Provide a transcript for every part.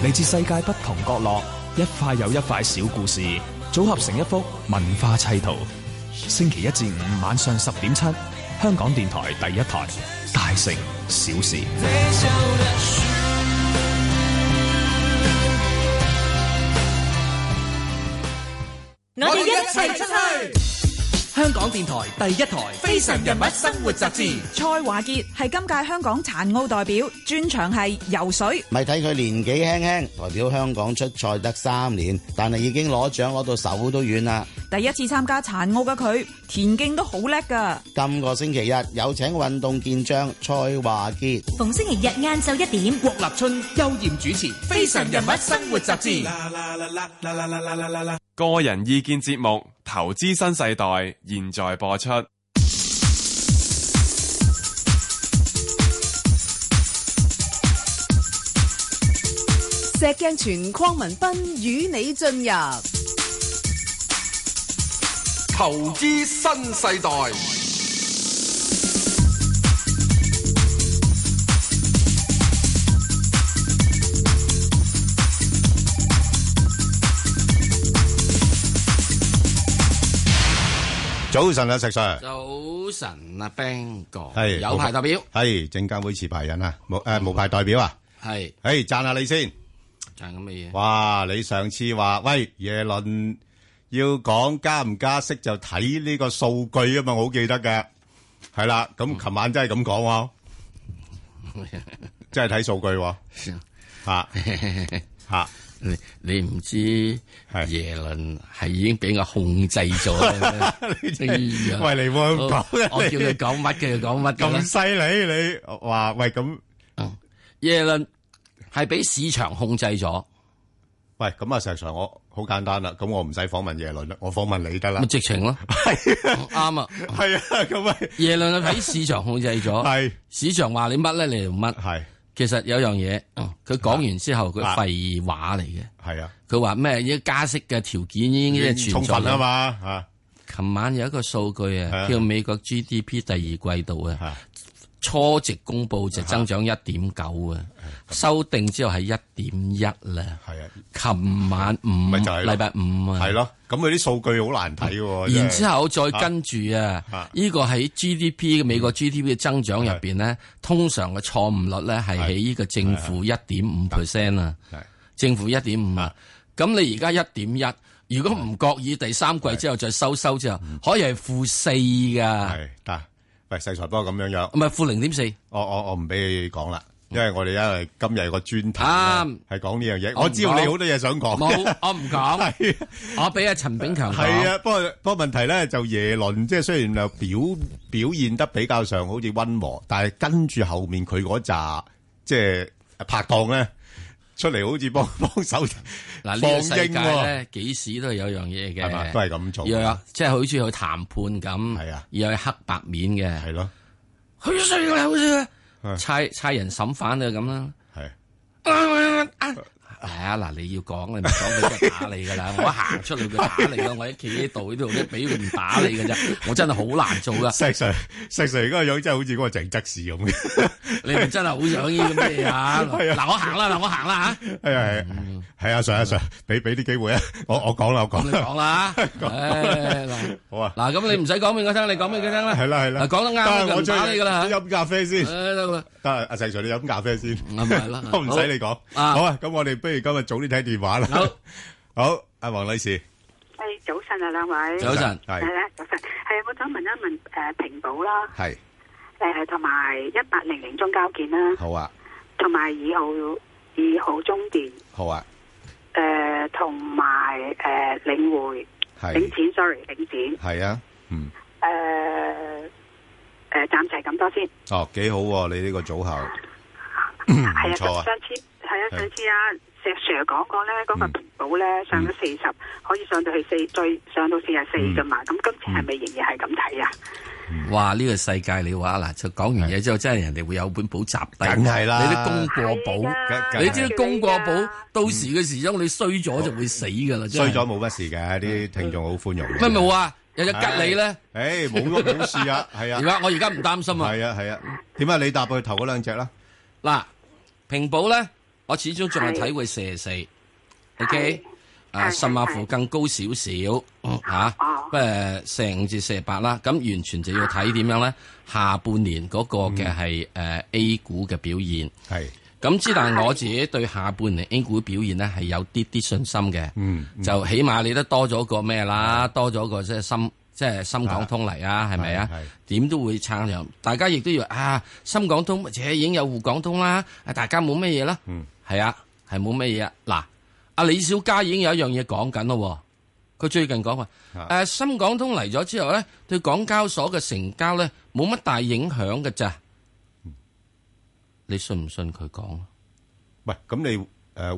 嚟自世界不同角落，一塊又一塊小故事，組合成一幅文化砌圖。星期一至五晚上十點七，香港電台第一台《大城小事》，我哋一齊出去。香港電台第一台《非常人物生活雜誌》蔡華傑，蔡華傑係今屆香港殘奧代表，專長係游水。咪睇佢年紀輕輕，代表香港出賽得三年，但係已經攞獎攞到手都軟啦。第一次參加殘奧嘅佢，田徑都好叻噶。今個星期日有請運動健將蔡華傑，逢星期日晏晝一點，郭立春、休艷主持《非常人物生活雜誌》。個人意見節目。投資新世代，現在播出。石鏡泉、鄺民彬與你進入投資新世代。早晨啊，石 Sir。早晨啊，Ben 哥。係有牌代表。係證監會持牌人啊，無誒無牌代表啊。係。誒，讚下你先。讚咁嘅嘢。哇！你上次話喂，耶倫要講加唔加息就睇呢個數據啊嘛，我好記得嘅。係啦，咁琴晚真係咁講喎，真係睇數據喎。吓吓。你唔知耶倫係已經俾我控制咗，喂你冇咁講嘅，我叫你講乜，嘅？你講乜，咁犀利你話喂咁，耶倫係俾市場控制咗。喂，咁啊，石 Sir 我好簡單啦，咁我唔使訪問耶倫啦，我訪問你得啦。咪直情咯，係啱啊，係啊，咁咪耶倫係喺市場控制咗，係市場話你乜咧，你做乜係。其實有樣嘢，佢講、嗯、完之後佢廢話嚟嘅，係啊，佢話咩？而家、啊、加息嘅條件已經存在啦嘛，吓、啊。琴晚有一個數據啊，叫美國 GDP 第二季度啊。初值公布就增長一點九啊，修訂之後係一點一啦。係啊，琴晚五就禮拜五啊，係咯。咁佢啲數據好難睇喎。然之後再跟住啊，呢個喺 GDP 美國 GDP 嘅增長入邊咧，通常嘅錯誤率咧係喺呢個正負一點五 percent 啊，正負一點五啊。咁你而家一點一，如果唔覺意第三季之後再收收之後，可以係負四㗎。喂，世財波咁樣樣，唔係負零點四，我我我唔俾你講啦，因為我哋因為今日有個專題係講呢樣嘢，我知道你好多嘢想講，冇，我唔講， 啊、我俾阿陳炳強講，係啊，啊，不過不過問題咧就耶倫，即係雖然又表表現得比較上好似溫和，但係跟住後面佢嗰紮即係拍檔咧。出嚟好似幫幫手，嗱 呢英個世界咧，幾時都係有樣嘢嘅，係咪？都係咁做。又有即係好似去談判咁，係啊，又有黑白面嘅，係咯，啊。好衰噶啦，好似差差人審犯啊咁啦，係 係啊，嗱，你要講，你唔講佢都打你噶啦。我行出嚟，佢打你咯，我一企喺度呢度咧，俾佢唔打你噶咋。我真係好難做噶。石 Sir，石 Sir，而家樣真係好似嗰個鄭則仕咁嘅。你唔真係好想呢啲乜嘢啊？嗱，我行啦，嗱，我行啦吓。係係係，係啊，石 Sir，俾俾啲機會啊。我我講啦，我講啦，講啦吓。好啊，嗱，咁你唔使講俾我聽，你講俾佢聽啦。係啦係啦，講得啱，我唔打你噶啦吓。飲咖啡先，得啦，得阿石 Sir，你飲咖啡先。唔係啦，我唔使你講。好啊，咁我哋。不如今日早啲睇電話啦。好，好，阿黃女士。係早晨啊，兩位。早晨係。係啊，早晨。係啊，我想問一問誒，平保啦。係。誒，同埋一八零零中交建啦。好啊。同埋二號二號中電。好啊。誒，同埋誒，領匯。係。領展，sorry，領展。係啊。嗯。誒，誒，暫時係咁多先。哦，幾好，你呢個組合。係啊，唔錯啊。上次係啊，上次啊。成日 Sir 講過咧，嗰個平保咧上咗四十，可以上到去四，最上到四廿四噶嘛？咁今次係咪仍然係咁睇啊？哇！呢個世界，你話嗱，就講完嘢之後，真係人哋會有本薄集底，梗係啦。你啲功過簿，你知功過簿到時嘅時鐘你衰咗就會死噶啦。衰咗冇乜事嘅，啲聽眾好寬容。咩冇啊？日日吉你咧，誒，冇乜好事啊，係啊。而家我而家唔擔心啊。係啊係啊。點解你搭佢頭嗰兩隻啦。嗱，平保咧。我始終仲係睇佢四十四，OK，啊，甚至乎更高少少吓，不過成至四十八啦。咁完全就要睇點樣咧？下半年嗰個嘅係誒 A 股嘅表現，係咁之。但係我自己對下半年 A 股表現咧係有啲啲信心嘅，嗯，就起碼你都多咗個咩啦，嗯、多咗個即係深即係、就是、深港通嚟啊，係咪啊？點都會撐上。大家亦都要啊，深港通，或者已經有滬港通啦，大家冇乜嘢啦。啊係啊，係冇乜嘢啊。嗱，阿李小加已經有一樣嘢講緊咯。佢最近講話，誒，深港通嚟咗之後咧，對港交所嘅成交咧冇乜大影響㗎咋。你信唔信佢講？喂咁你誒，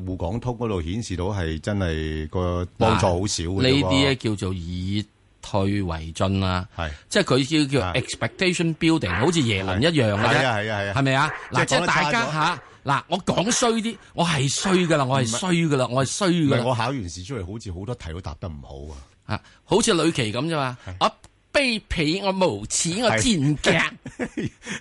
滬港通嗰度顯示到係真係個幫助好少嘅。呢啲咧叫做以退為進啦，係即係佢呢啲叫 expectation building，好似耶倫一樣嘅啫。係啊係啊係啊，係咪啊？嗱，即係大家吓。嗱，我講衰啲，我係衰噶啦，我係衰噶啦，我係衰噶啦。唔係，我考完試出嚟，好似好多題都答得唔好啊。啊，好似呂奇咁咋嘛？我是、啊、卑鄙，我無恥，我賤格，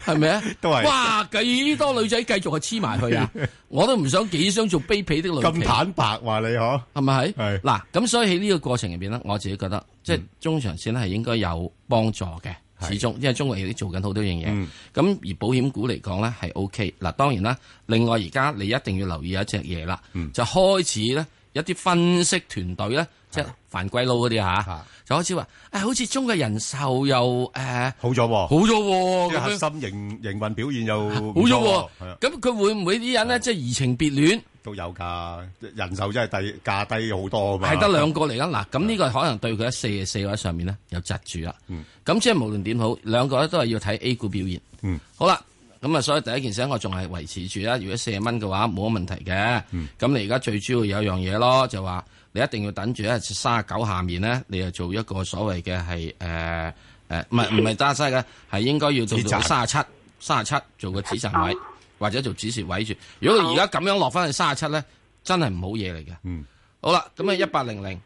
係咪啊？都係。哇，幾多女仔繼續去黐埋佢啊！ 我都唔想幾想做卑鄙的女。咁坦白話你嗬、啊？係咪係？係是。嗱，咁所以喺呢個過程入邊呢，我自己覺得即係中長線咧係應該有幫助嘅。始終，因為中國已經做緊好多樣嘢，咁、嗯、而保險股嚟講咧係 O K。嗱，當然啦，另外而家你一定要留意一隻嘢啦，嗯、就開始咧一啲分析團隊咧。即係犯貴佬嗰啲吓，就開始話，誒，好似中國人壽又誒好咗，好咗，嘅核心營營運表現又好咗，咁佢會唔會啲人呢？即係移情別戀？都有噶，人壽真係低價低好多噶嘛，係得兩個嚟噶，嗱，咁呢個可能對佢喺四廿四位上面呢，有窒住啦，咁即係無論點好，兩個咧都係要睇 A 股表現，好啦，咁啊，所以第一件事我仲係維持住啦，如果四廿蚊嘅話冇乜問題嘅，咁你而家最主要有一樣嘢咯，就話。你一定要等住咧，三十九下面咧，你又做一個所謂嘅係誒誒，唔係唔係揸西嘅，係、呃、應該要做到三十七，三十七做個止震位，或者做止蝕位住。如果佢而家咁樣落翻去三十七咧，真係唔好嘢嚟嘅。嗯，好啦，咁啊、嗯，一八零零，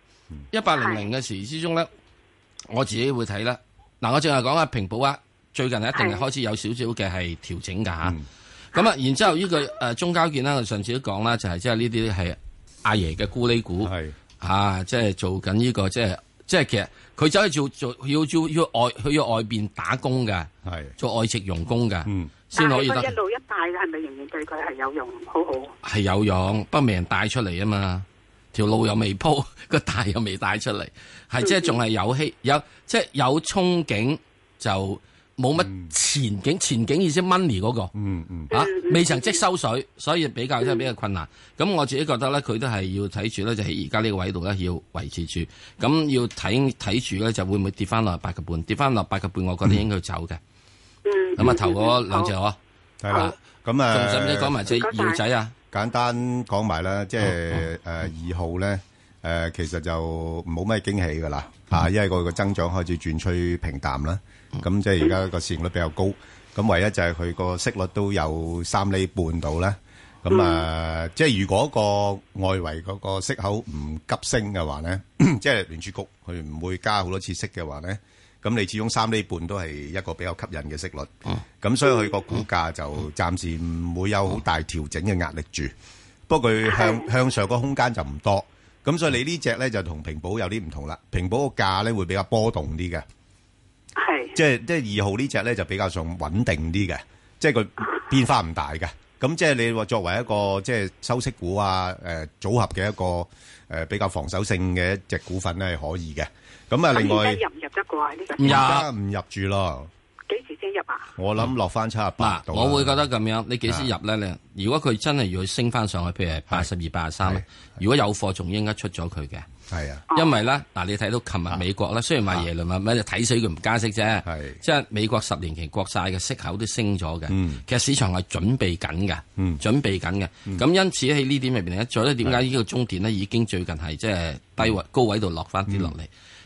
一八零零嘅時之中咧，我自己會睇啦。嗱，我淨係講啊，平保啊，最近一定係開始有少少嘅係調整噶吓。咁、嗯、啊，然之後呢、這個誒、呃、中交建啦、啊，我上次都講啦，就係即係呢啲係。阿爺嘅咕喱股，的啊，即係做緊，這、呢個，即係即係其實佢走去做做，要要要外去要外邊打工嘅，的做外籍傭工噶先、嗯、可以得一路一帶嘅，係咪仍然對佢係有用？好好係有用，不過未人帶出嚟啊嘛，條路又未鋪，個帶又未帶出嚟，係的即係仲係有希有，即係有憧憬就。冇乜前景，前景意思 money 嗰、嗰個，嗯嗯、啊，未曾即收水，所以比較即係、嗯、比較困難。咁我自己覺得咧，佢都係要睇住咧，就喺而家呢個位度咧要維持住。咁、嗯、要睇睇住咧，就會唔會跌翻落八個半？跌翻落八個半，我覺得應該走嘅。嗯。咁好啊，頭嗰兩隻囉。係啦。咁啊、嗯。仲使唔使講埋隻二仔啊？簡單講埋啦，即係誒二號咧，誒其實就冇咩驚喜噶啦，吓、啊，因為個個增長開始轉趨平淡啦。咁即係而家個市盈率比較高，咁唯一就係佢個息率都有三厘半度啦。咁啊，即係如果個外圍嗰個息口唔急升嘅話咧，即係聯儲局佢唔會加好多次息嘅話咧，咁你始終三厘半都係一個比較吸引嘅息率。咁所以佢個股價就暫時唔會有好大調整嘅壓力住。不過佢向向上個空間就唔多。咁所以你呢隻咧就同平保有啲唔同啦。平保個價咧會比較波動啲嘅。即係即係二號隻呢隻咧就比較上穩定啲嘅，即係佢變化唔大嘅。咁即係你話作為一個即係收息股啊，誒、呃、組合嘅一個誒、呃、比較防守性嘅一隻股份咧係可以嘅。咁、嗯、啊另外入唔入得過呢？唔入唔入住咯？幾時先入啊？嗯、我諗落翻七十八度。我會覺得咁樣，你幾時入咧？你的如果佢真係要升翻上去，譬如係八十二、八十三咧，如果有貨，仲應該出咗佢嘅。係啊，因為咧，嗱你睇到琴日美國咧，雖然話耶倫唔乜，就睇死佢唔加息啫。係，即係美國十年期國債嘅息口都升咗嘅。其實市場係準備緊嘅，嗯，準備緊嘅。咁因此喺呢點入邊咧，再咧點解呢個中電呢已經最近係即係低位高位度落翻啲落嚟。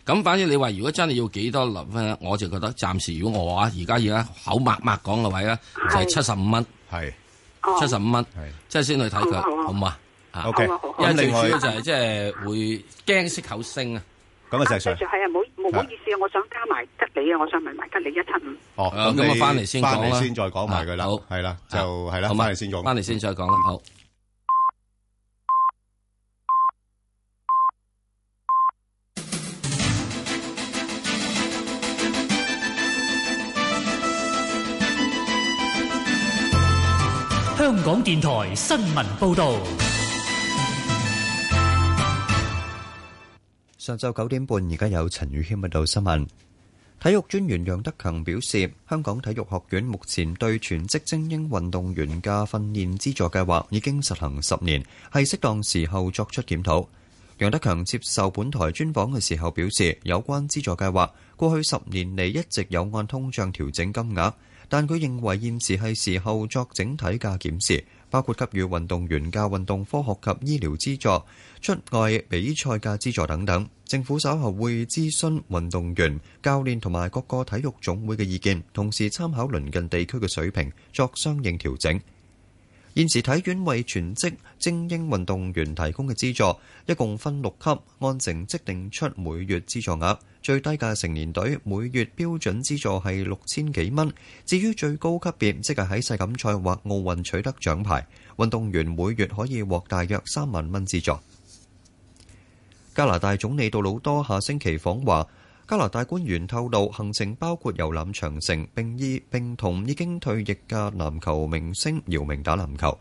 咁反正你話如果真係要幾多我就覺得暫時如果我啊，而家而家口擘擘講嘅位咧就係七十五蚊，係七十五蚊，即係先去睇佢，好唔好？咁啊好，咁另外就係即係會驚息口升啊，講嘅就係想。對住係啊，唔好唔好意思啊，我想加埋吉利啊，我想問埋吉利一七五。哦，咁我翻嚟先講啦。翻嚟先再講埋佢啦，好，係啦，就係啦。咁翻嚟先講，翻嚟先再講啦，好。香港電台新聞報導。上晝九點半，而家有陳宇謙報道新聞。體育專員楊德強表示，香港體育學院目前對全職精英運動員嘅訓練資助計劃已經實行十年，係適當時候作出檢討。楊德強接受本台專訪嘅時候表示，有關資助計劃過去十年嚟一直有按通脹調整金額，但佢認為現時係時候作整體嘅檢視。包括給予運動員、教運動科學及醫療資助、出外比賽嘅資助等等。政府稍後會諮詢運動員、教練同埋各個體育總會嘅意見，同時參考鄰近地區嘅水平，作相應調整。現時體院為全職精英運動員提供嘅資助，一共分六級，按成績定出每月資助額。最低嘅成年隊每月標準資助係六千幾蚊。至於最高級別，即係喺世錦賽或奧運取得獎牌運動員，每月可以獲大約三萬蚊資助。加拿大總理杜魯多下星期訪華。加拿大官員透露行程包括遊覽長城，並依並同已經退役嘅籃球明星姚明打籃球。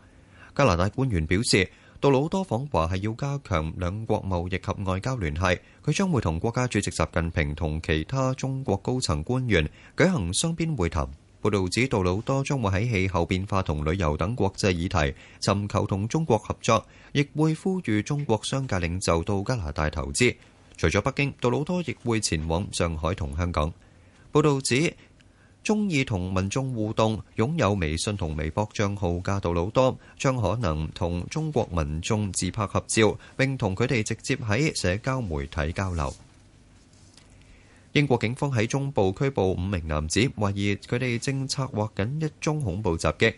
加拿大官員表示，杜魯多訪華係要加強兩國貿易及外交聯繫，佢將會同國家主席習近平同其他中國高層官員舉行雙邊會談。報道指，杜魯多將會喺氣候變化同旅遊等國際議題尋求同中國合作，亦會呼籲中國商界領袖到加拿大投資。除咗北京，杜魯多亦會前往上海同香港。報道指，中意同民眾互動，擁有微信同微博帳號嘅杜魯多，將可能同中國民眾自拍合照，並同佢哋直接喺社交媒體交流。英國警方喺中部拘捕五名男子，懷疑佢哋正策劃緊一宗恐怖襲擊。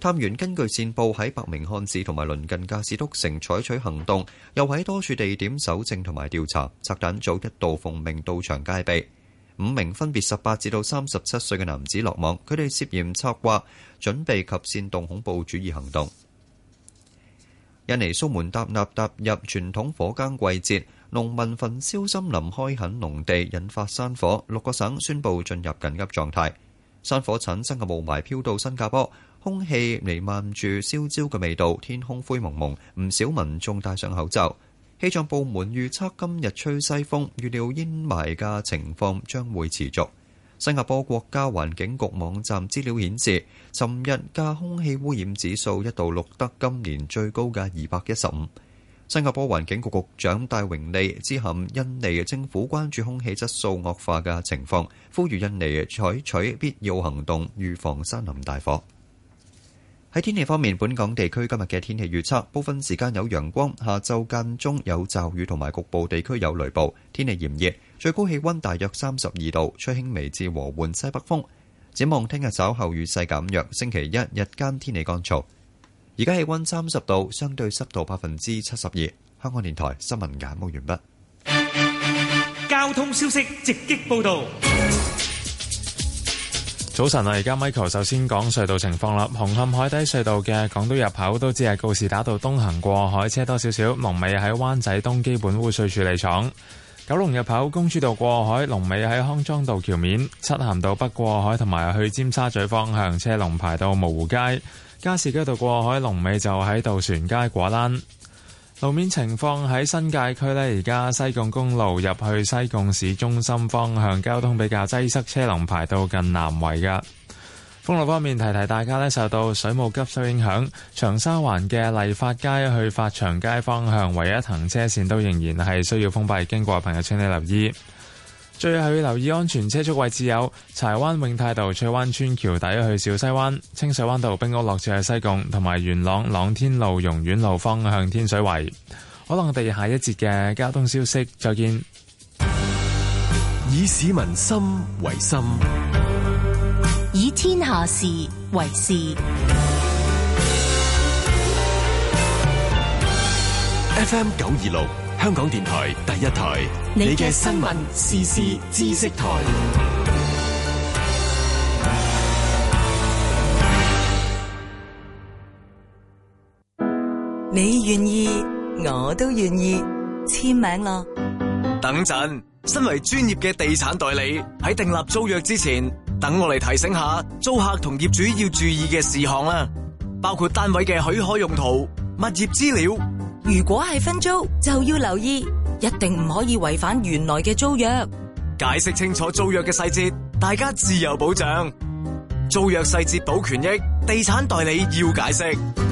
探員根據線報喺伯明翰市同埋鄰近駕駛都城採取行動，又喺多處地點搜證同埋調查。拆彈組一度奉命到場戒備，五名分別十八至到三十七歲嘅男子落網，佢哋涉嫌策劃、準備及煽動恐怖主義行動。印尼蘇門答臘踏入傳統火耕季節，農民焚燒森林開墾農地，引發山火。六個省宣布進入緊急狀態。山火產生嘅霧霾飄到新加坡。空氣瀰漫住燒焦嘅味道，天空灰濛濛，唔少民眾戴上口罩。氣象部門預測今日吹西風，預料煙霾嘅情況將會持續。新加坡國家環境局網站資料顯示，尋日嘅空氣污染指數一度錄得今年最高嘅二百一十五。新加坡環境局局長戴榮利致函印尼政府關注空氣質素惡化嘅情況，呼籲印尼採取必要行動，預防山林大火。喺天氣方面，本港地區今日嘅天氣預測，部分時間有陽光，下晝間中有驟雨同埋局部地區有雷暴，天氣炎熱，最高氣溫大約三十二度，吹輕微至和緩西北風。展望聽日稍後雨勢減弱，星期一日間天氣乾燥。而家氣溫三十度，相對濕度百分之七十二。香港電台新聞眼報完畢。交通消息直擊報道。早晨啊！而家 Michael 首先講隧道情況啦。紅磡海底隧道嘅港島入口都只係告士打道東行過海，車多少少。龍尾喺灣仔東基本污水處理廠。九龍入口公主道過海，龍尾喺康莊道橋面。漆咸道北過海同埋去尖沙咀方向，車龍排到蕪湖街。加士居道過海，龍尾就喺渡船街果欄。路面情況喺新界區呢，而家西貢公路入去西貢市中心方向交通比較擠塞車，車龍排到近南圍噶。封路方面提提大家呢，受到水務急修影響，長沙灣嘅麗發街去發祥街方向唯一行車線都仍然係需要封閉，經過嘅朋友請你留意。最後要留意安全車速位置，有柴灣永泰道翠灣村橋底去小西灣、清水灣道冰屋落斜去西貢，同埋元朗朗天路榕苑路方向天水圍。可能我哋下一節嘅交通消息，再見。以市民心為心，以天下事為事。F M 九二六。香港電台第一台，你嘅新聞時事知識台。你願意，我都願意簽名咯。等陣，身為專業嘅地產代理，喺訂立租約之前，等我嚟提醒下租客同業主要注意嘅事項啦，包括單位嘅許可用途、物業資料。如果係分租，就要留意，一定唔可以違反原來嘅租約。解釋清楚租約嘅細節，大家自由保障。租約細節保權益，地產代理要解釋。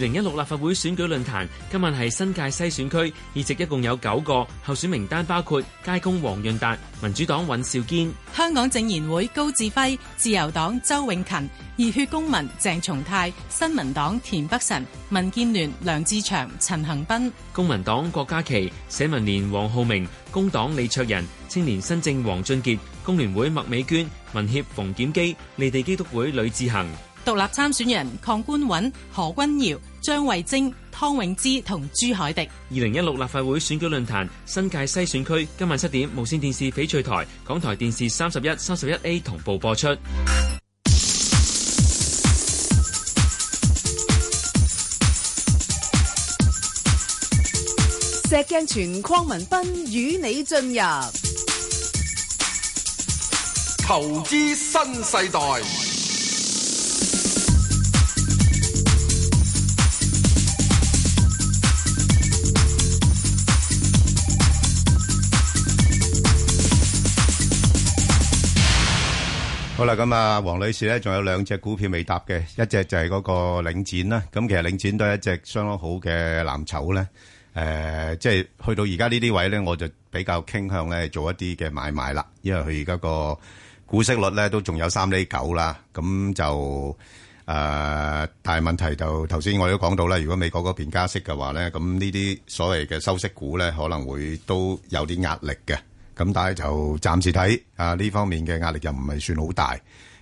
二零一六立法會選舉論壇，今日係新界西選區，議席一共有九個，候選名單包括街工黃潤達、民主黨尹兆堅、香港政研會高志輝、自由黨周永勤、熱血公民鄭松泰、新民黨田北辰、民建聯梁志祥、陳恒鑌、公民黨郭家麒、社民連黃浩明、工黨李卓人、青年新政黃俊傑、工聯會麥美娟、民協馮檢基、利地基督會呂志恒、獨立參選人鄺官穩、何君堯。張慧晶、湯永芝同朱海迪。二零一六立法會選舉論壇，新界西選區，今晚七點無線電視翡翠台、港台電視三十一、三十一 A 同步播出。石鏡泉鄺民彬與你進入投資新世代。好啦，咁啊，黃女士咧，仲有兩隻股票未答嘅，一隻就係嗰個領展啦。咁其實領展都係一隻相當好嘅藍籌咧。誒，即係去到而家呢啲位咧，我就比較傾向咧做一啲嘅買賣啦，因為佢而家個股息率咧都仲有三厘九啦。咁就誒，大問題就頭先我都講到啦，如果美國嗰邊加息嘅話咧，咁呢啲所謂嘅收息股咧，可能會都有啲壓力嘅。咁但係就暫時睇啊，呢方面嘅壓力又唔係算好大，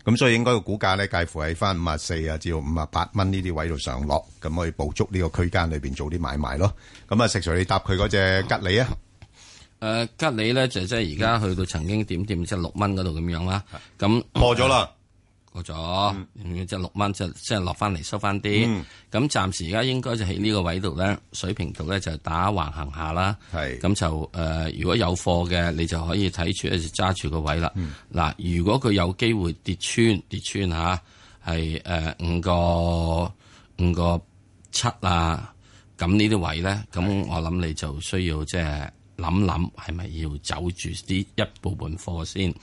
咁所以應該個股價咧介乎喺翻五啊四啊至到五啊八蚊呢啲位度上落，咁可以捕捉呢個區間裏邊做啲買賣咯。咁啊，石 Sir 你搭佢嗰隻吉利啊？誒，吉利咧、呃、就即係而家去到曾經點點、嗯、即係六蚊嗰度咁樣啦。咁的、嗯、破咗啦。過咗、嗯，即係六蚊，即係即係落翻嚟，收翻啲。咁暫時而家應該就喺呢個位度咧，水平度咧就打橫行下啦。咁是就誒、呃，如果有貨嘅，你就可以睇住，一直揸住個位啦。嗱、嗯，如果佢有機會跌穿跌穿吓，係誒五個五個七啊、咁、呃啊、呢啲位咧，咁是我諗你就需要即係諗諗，係咪要走住啲一部分貨先？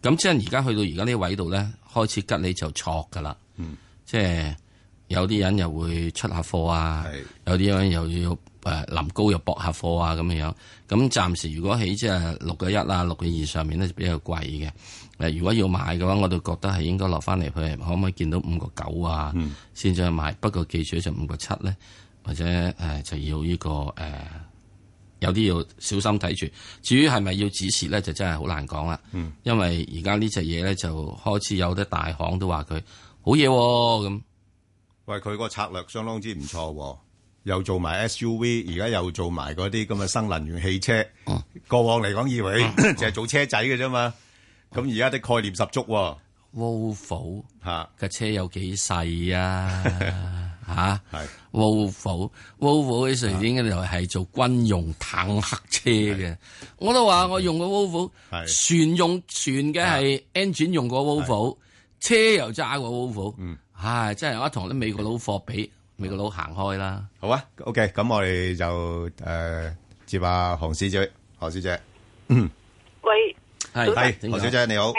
咁即係而家去到而家呢個位度咧。開始吉你就錯㗎啦，嗯、即係有啲人又會出下貨啊，有啲人又要誒臨高又搏下貨啊咁樣樣。咁暫時如果起即係六個一啊，六個二上面咧就比較貴嘅。誒，如果要買嘅話，我哋覺得係應該落翻嚟去，可唔可以見到五個九啊？先再、嗯、買。不過記住就五個七咧，或者誒、呃、就要呢、呢個誒。呃有啲要小心睇住，至於係咪要止蝕咧，就真係好難講啦。嗯、因為而家呢隻嘢咧，就開始有啲大行都話佢好嘢咁。哦、喂，佢個策略相當之唔錯、哦，又做埋 SUV，而家又做埋嗰啲咁嘅新能源汽車。嗯、過往嚟講，以為淨係、嗯嗯、做車仔嘅啫嘛。咁而家啲概念十足 Volvo 嚇嘅車有幾細啊？吓，Wolf，Wolf 其實應該就係做軍用坦克車嘅。我都話我用過 Wolf，船用船嘅係 engine 用過 Wolf，車又揸過 Wolf。嗯，唉，真係我一同啲美國佬貨比，美國佬行開啦。好啊，OK，咁我哋就誒接下何小姐，何小姐，嗯，喂，係係何小姐你好。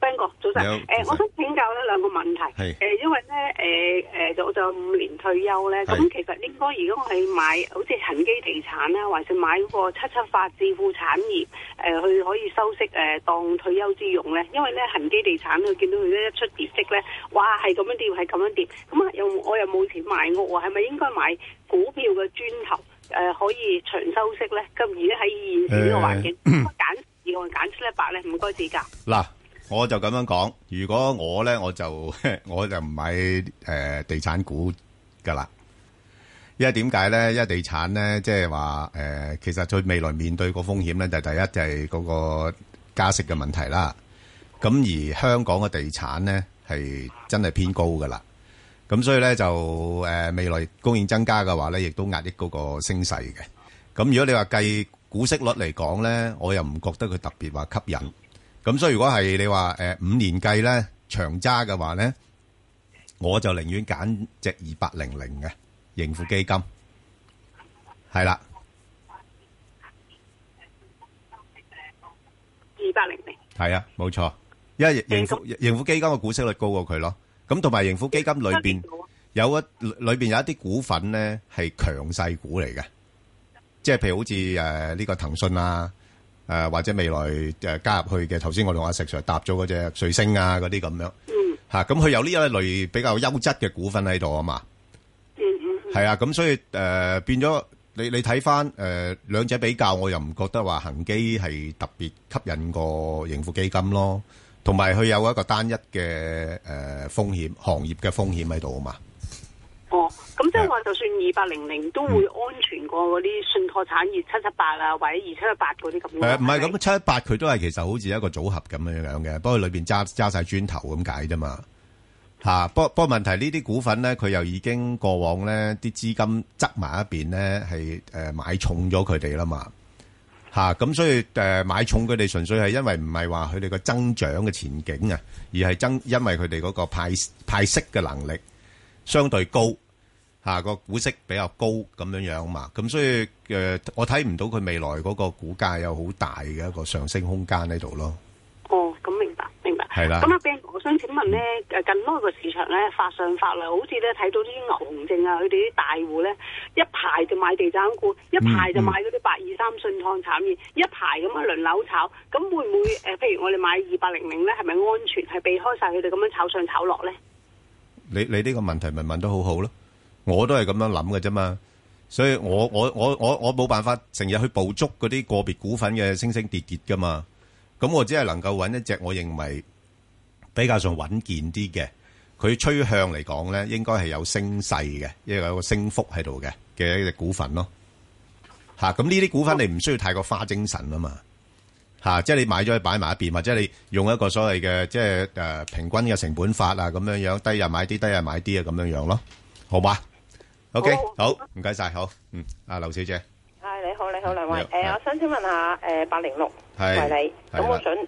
Ben 哥，早晨，誒，我想請教咧兩個問題，誒是、呃，因為咧，誒、呃，誒、呃，我就，就五年退休咧，咁是其實應該如果我係買好似恒基地產啦，還是買嗰個七七八致富產業，誒、呃，去可以收息誒、呃，當退休之用咧，因為咧恒基地產，我見到佢咧一出跌息咧，哇，係咁樣跌，係咁樣跌，咁啊，又我又冇錢買屋啊，係咪應該買股票嘅磚頭？誒、呃，可以長收息咧？咁而家喺現時呢個環境，揀二個揀出一百咧，唔該指教。嗱。我就咁樣講，如果我咧，我就我就唔買誒地產股噶啦。因為點解咧？因為地產咧，即係話誒，其實佢未來面對個風險咧，就第一就係嗰個加息嘅問題啦。咁而香港嘅地產咧，係真係偏高噶啦。咁所以咧就誒、呃、未來供應增加嘅話咧，亦都壓抑嗰個升勢嘅。咁如果你話計股息率嚟講咧，我又唔覺得佢特別話吸引。咁所以如果係你話誒五年計咧長揸嘅話咧，我就寧願揀隻二八零零嘅盈富基金，係啦，二八零零，係啊，冇錯，因為盈富盈富基金嘅股息率高過佢咯。咁同埋盈富基金裏邊有一裏邊有一啲股份咧係強勢股嚟嘅，即係譬如好似誒呢個騰訊啊。誒，或者未來誒加入去嘅，頭先我同阿石 Sir 搭咗嗰隻瑞星啊，嗰啲咁樣，吓，咁佢有呢一類比較優質嘅股份喺度啊嘛。係啊，咁所以誒變咗你你睇翻誒兩者比較，我又唔覺得話恒基係特別吸引過盈富基金咯，同埋佢有一個單一嘅誒風險行業嘅風險喺度啊嘛。即係、嗯、就算二百零零都會安全過嗰啲信託產業七七八啊，或者二七七八嗰啲咁樣。誒是，唔係咁，七一八佢都係其實好似一個組合咁樣樣嘅，啊，不過裏邊揸揸晒磚頭咁解啫嘛。吓，不過不過問題呢啲股份呢，佢又已經過往呢啲資金執埋一邊呢，係誒、呃、買重咗佢哋啦嘛。吓，啊，咁所以誒、呃、買重佢哋純粹係因為唔係話佢哋個增長嘅前景啊，而係增因為佢哋嗰個派派息嘅能力相對高。下、啊、個股息比較高咁樣樣嘛，咁、啊、所以誒、呃、我睇唔到佢未來嗰個股價有好大嘅一個上升空間喺度咯。哦，咁明白，明白係啦。咁阿 Ben，我想請問呢，誒近來個市場呢，發上發落好似呢，睇到啲牛熊證啊，佢哋啲大戶呢，一排就買地產股，一排就買嗰啲八二三信託產業，一排咁樣輪流炒，咁 會唔會誒？譬如我哋買二百零零呢，係咪安全？係避開晒佢哋咁樣炒上炒落呢？你你呢個問題咪問得好好咯？我都係咁樣諗嘅啫嘛，所以我我我我我冇辦法成日去捕捉嗰啲個別股份嘅升升跌跌噶嘛，咁我只係能夠揾一隻我認為比較上穩健啲嘅，佢趨向嚟講咧，應該係有升勢嘅，亦有個升幅喺度嘅嘅一隻股份咯。吓、啊，咁呢啲股份你唔需要太過花精神啊嘛，吓、啊，即係你買咗去擺埋一邊，或者你用一個所謂嘅即係誒、呃、平均嘅成本法啊咁樣樣，低日買啲，低日買啲啊咁樣樣咯，好嘛？OK，好，唔該晒，好，嗯，阿劉小姐，係你好，你好兩位，誒，我想請問下，誒，八零六係惠理，咁我想誒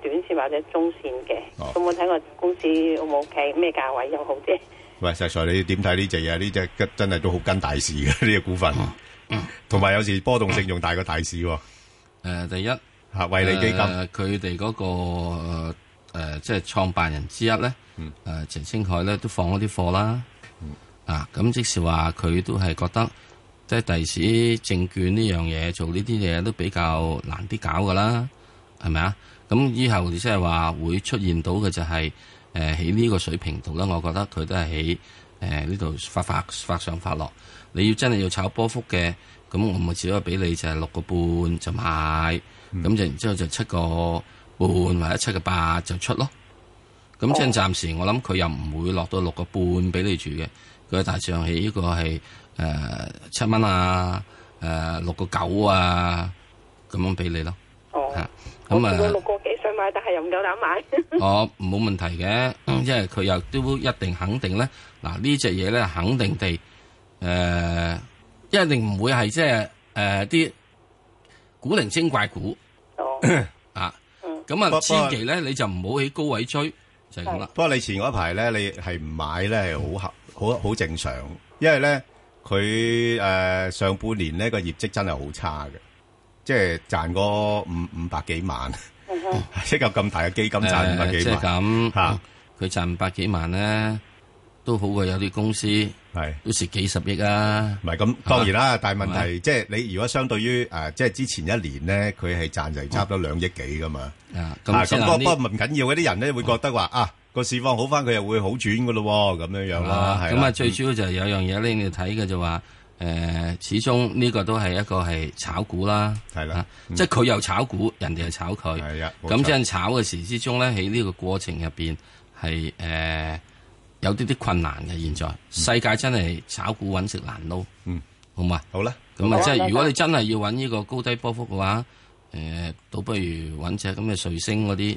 短線或者中線嘅，咁我睇個公司 O 唔 O K，咩價位又好啲？喂，石 Sir 你點睇呢隻嘢？呢隻真真係都好跟大市嘅呢隻股份，同埋有時波動性仲大過大市。誒，第一吓，惠理基金，佢哋嗰個誒，即係創辦人之一咧，誒，陳清海咧都放咗啲貨啦。啊，咁即是話佢都係覺得，即係第時證券呢樣嘢做呢啲嘢都比較難啲搞噶啦，係咪啊？咁以後即係話會出現到嘅就係誒喺呢個水平度咧，我覺得佢都係喺誒呢度發發發上發落。你要真係要炒波幅嘅，咁我咪只可以俾你就係六個半就買，咁就、嗯、然之後就七個半或者七個八就出咯。咁即係暫時、哦、我諗佢又唔會落到六個半俾你住嘅。佢大象起呢個係誒七蚊啊，誒六個九啊，咁樣俾你咯。哦。咁啊。六個幾想買，但係又唔夠膽買。哦，冇問題嘅，因為佢又都一定肯定咧。嗱，呢隻嘢咧肯定地，誒，一定唔會係即係誒啲古靈精怪股。哦。啊。嗯。咁啊，千祈咧你就唔好喺高位追，就係咁啦。不過你前嗰排咧，你係唔買咧係好合。好好正常，因為咧佢誒上半年咧個業績真係好差嘅，即係賺個五五百幾萬，即係有咁大嘅基金賺五百幾萬，咁吓、呃，佢、就、賺、是是嗯、五百幾萬咧都好過有啲公司係都蝕幾十億啊！唔係咁，啊、當然啦，但係問題即係你如果相對於誒、呃、即係之前一年咧，佢係賺就差唔多兩億幾噶嘛咁，不過不過唔緊要，嗰啲人咧會覺得話啊。啊啊個市況好翻，佢又會好轉噶咯，咁樣樣啦。咁啊，最主要就係有樣嘢咧，嗯、你睇嘅就話，誒、呃，始終呢個都係一個係炒股啦，係啦，啊嗯、即係佢又炒股，人哋又炒佢，係啊。咁即係炒嘅時之中咧，喺呢個過程入邊係誒有啲啲困難嘅。現在世界真係炒股揾食難撈，嗯，好嘛吧？好啦吧。咁啊，即係吧如果你真係要揾呢個高低波幅嘅話，誒、呃，倒不如揾隻咁嘅瑞星嗰啲。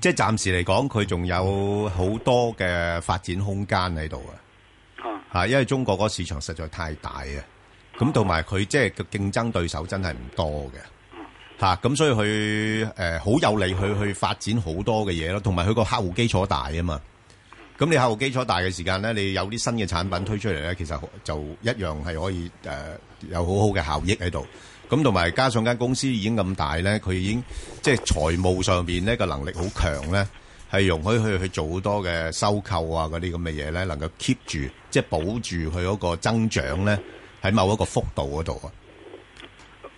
即係暫時嚟講，佢仲有好多嘅發展空間喺度啊！吓，因為中國個市場實在太大啊！咁同埋佢即係個競爭對手真係唔多嘅，吓、啊、咁所以佢誒好有利去去發展好多嘅嘢咯，同埋佢個客戶基礎大啊嘛！咁你客戶基礎大嘅時間呢，你有啲新嘅產品推出嚟呢，其實就一樣係可以誒、呃、有好好嘅效益喺度。咁同埋加上間公司已經咁大咧，佢已經即係財務上邊呢個能力好強咧，係容許去去做好多嘅收購啊嗰啲咁嘅嘢咧，能夠 keep 住即係保住佢嗰個增長咧喺某一個幅度嗰度啊。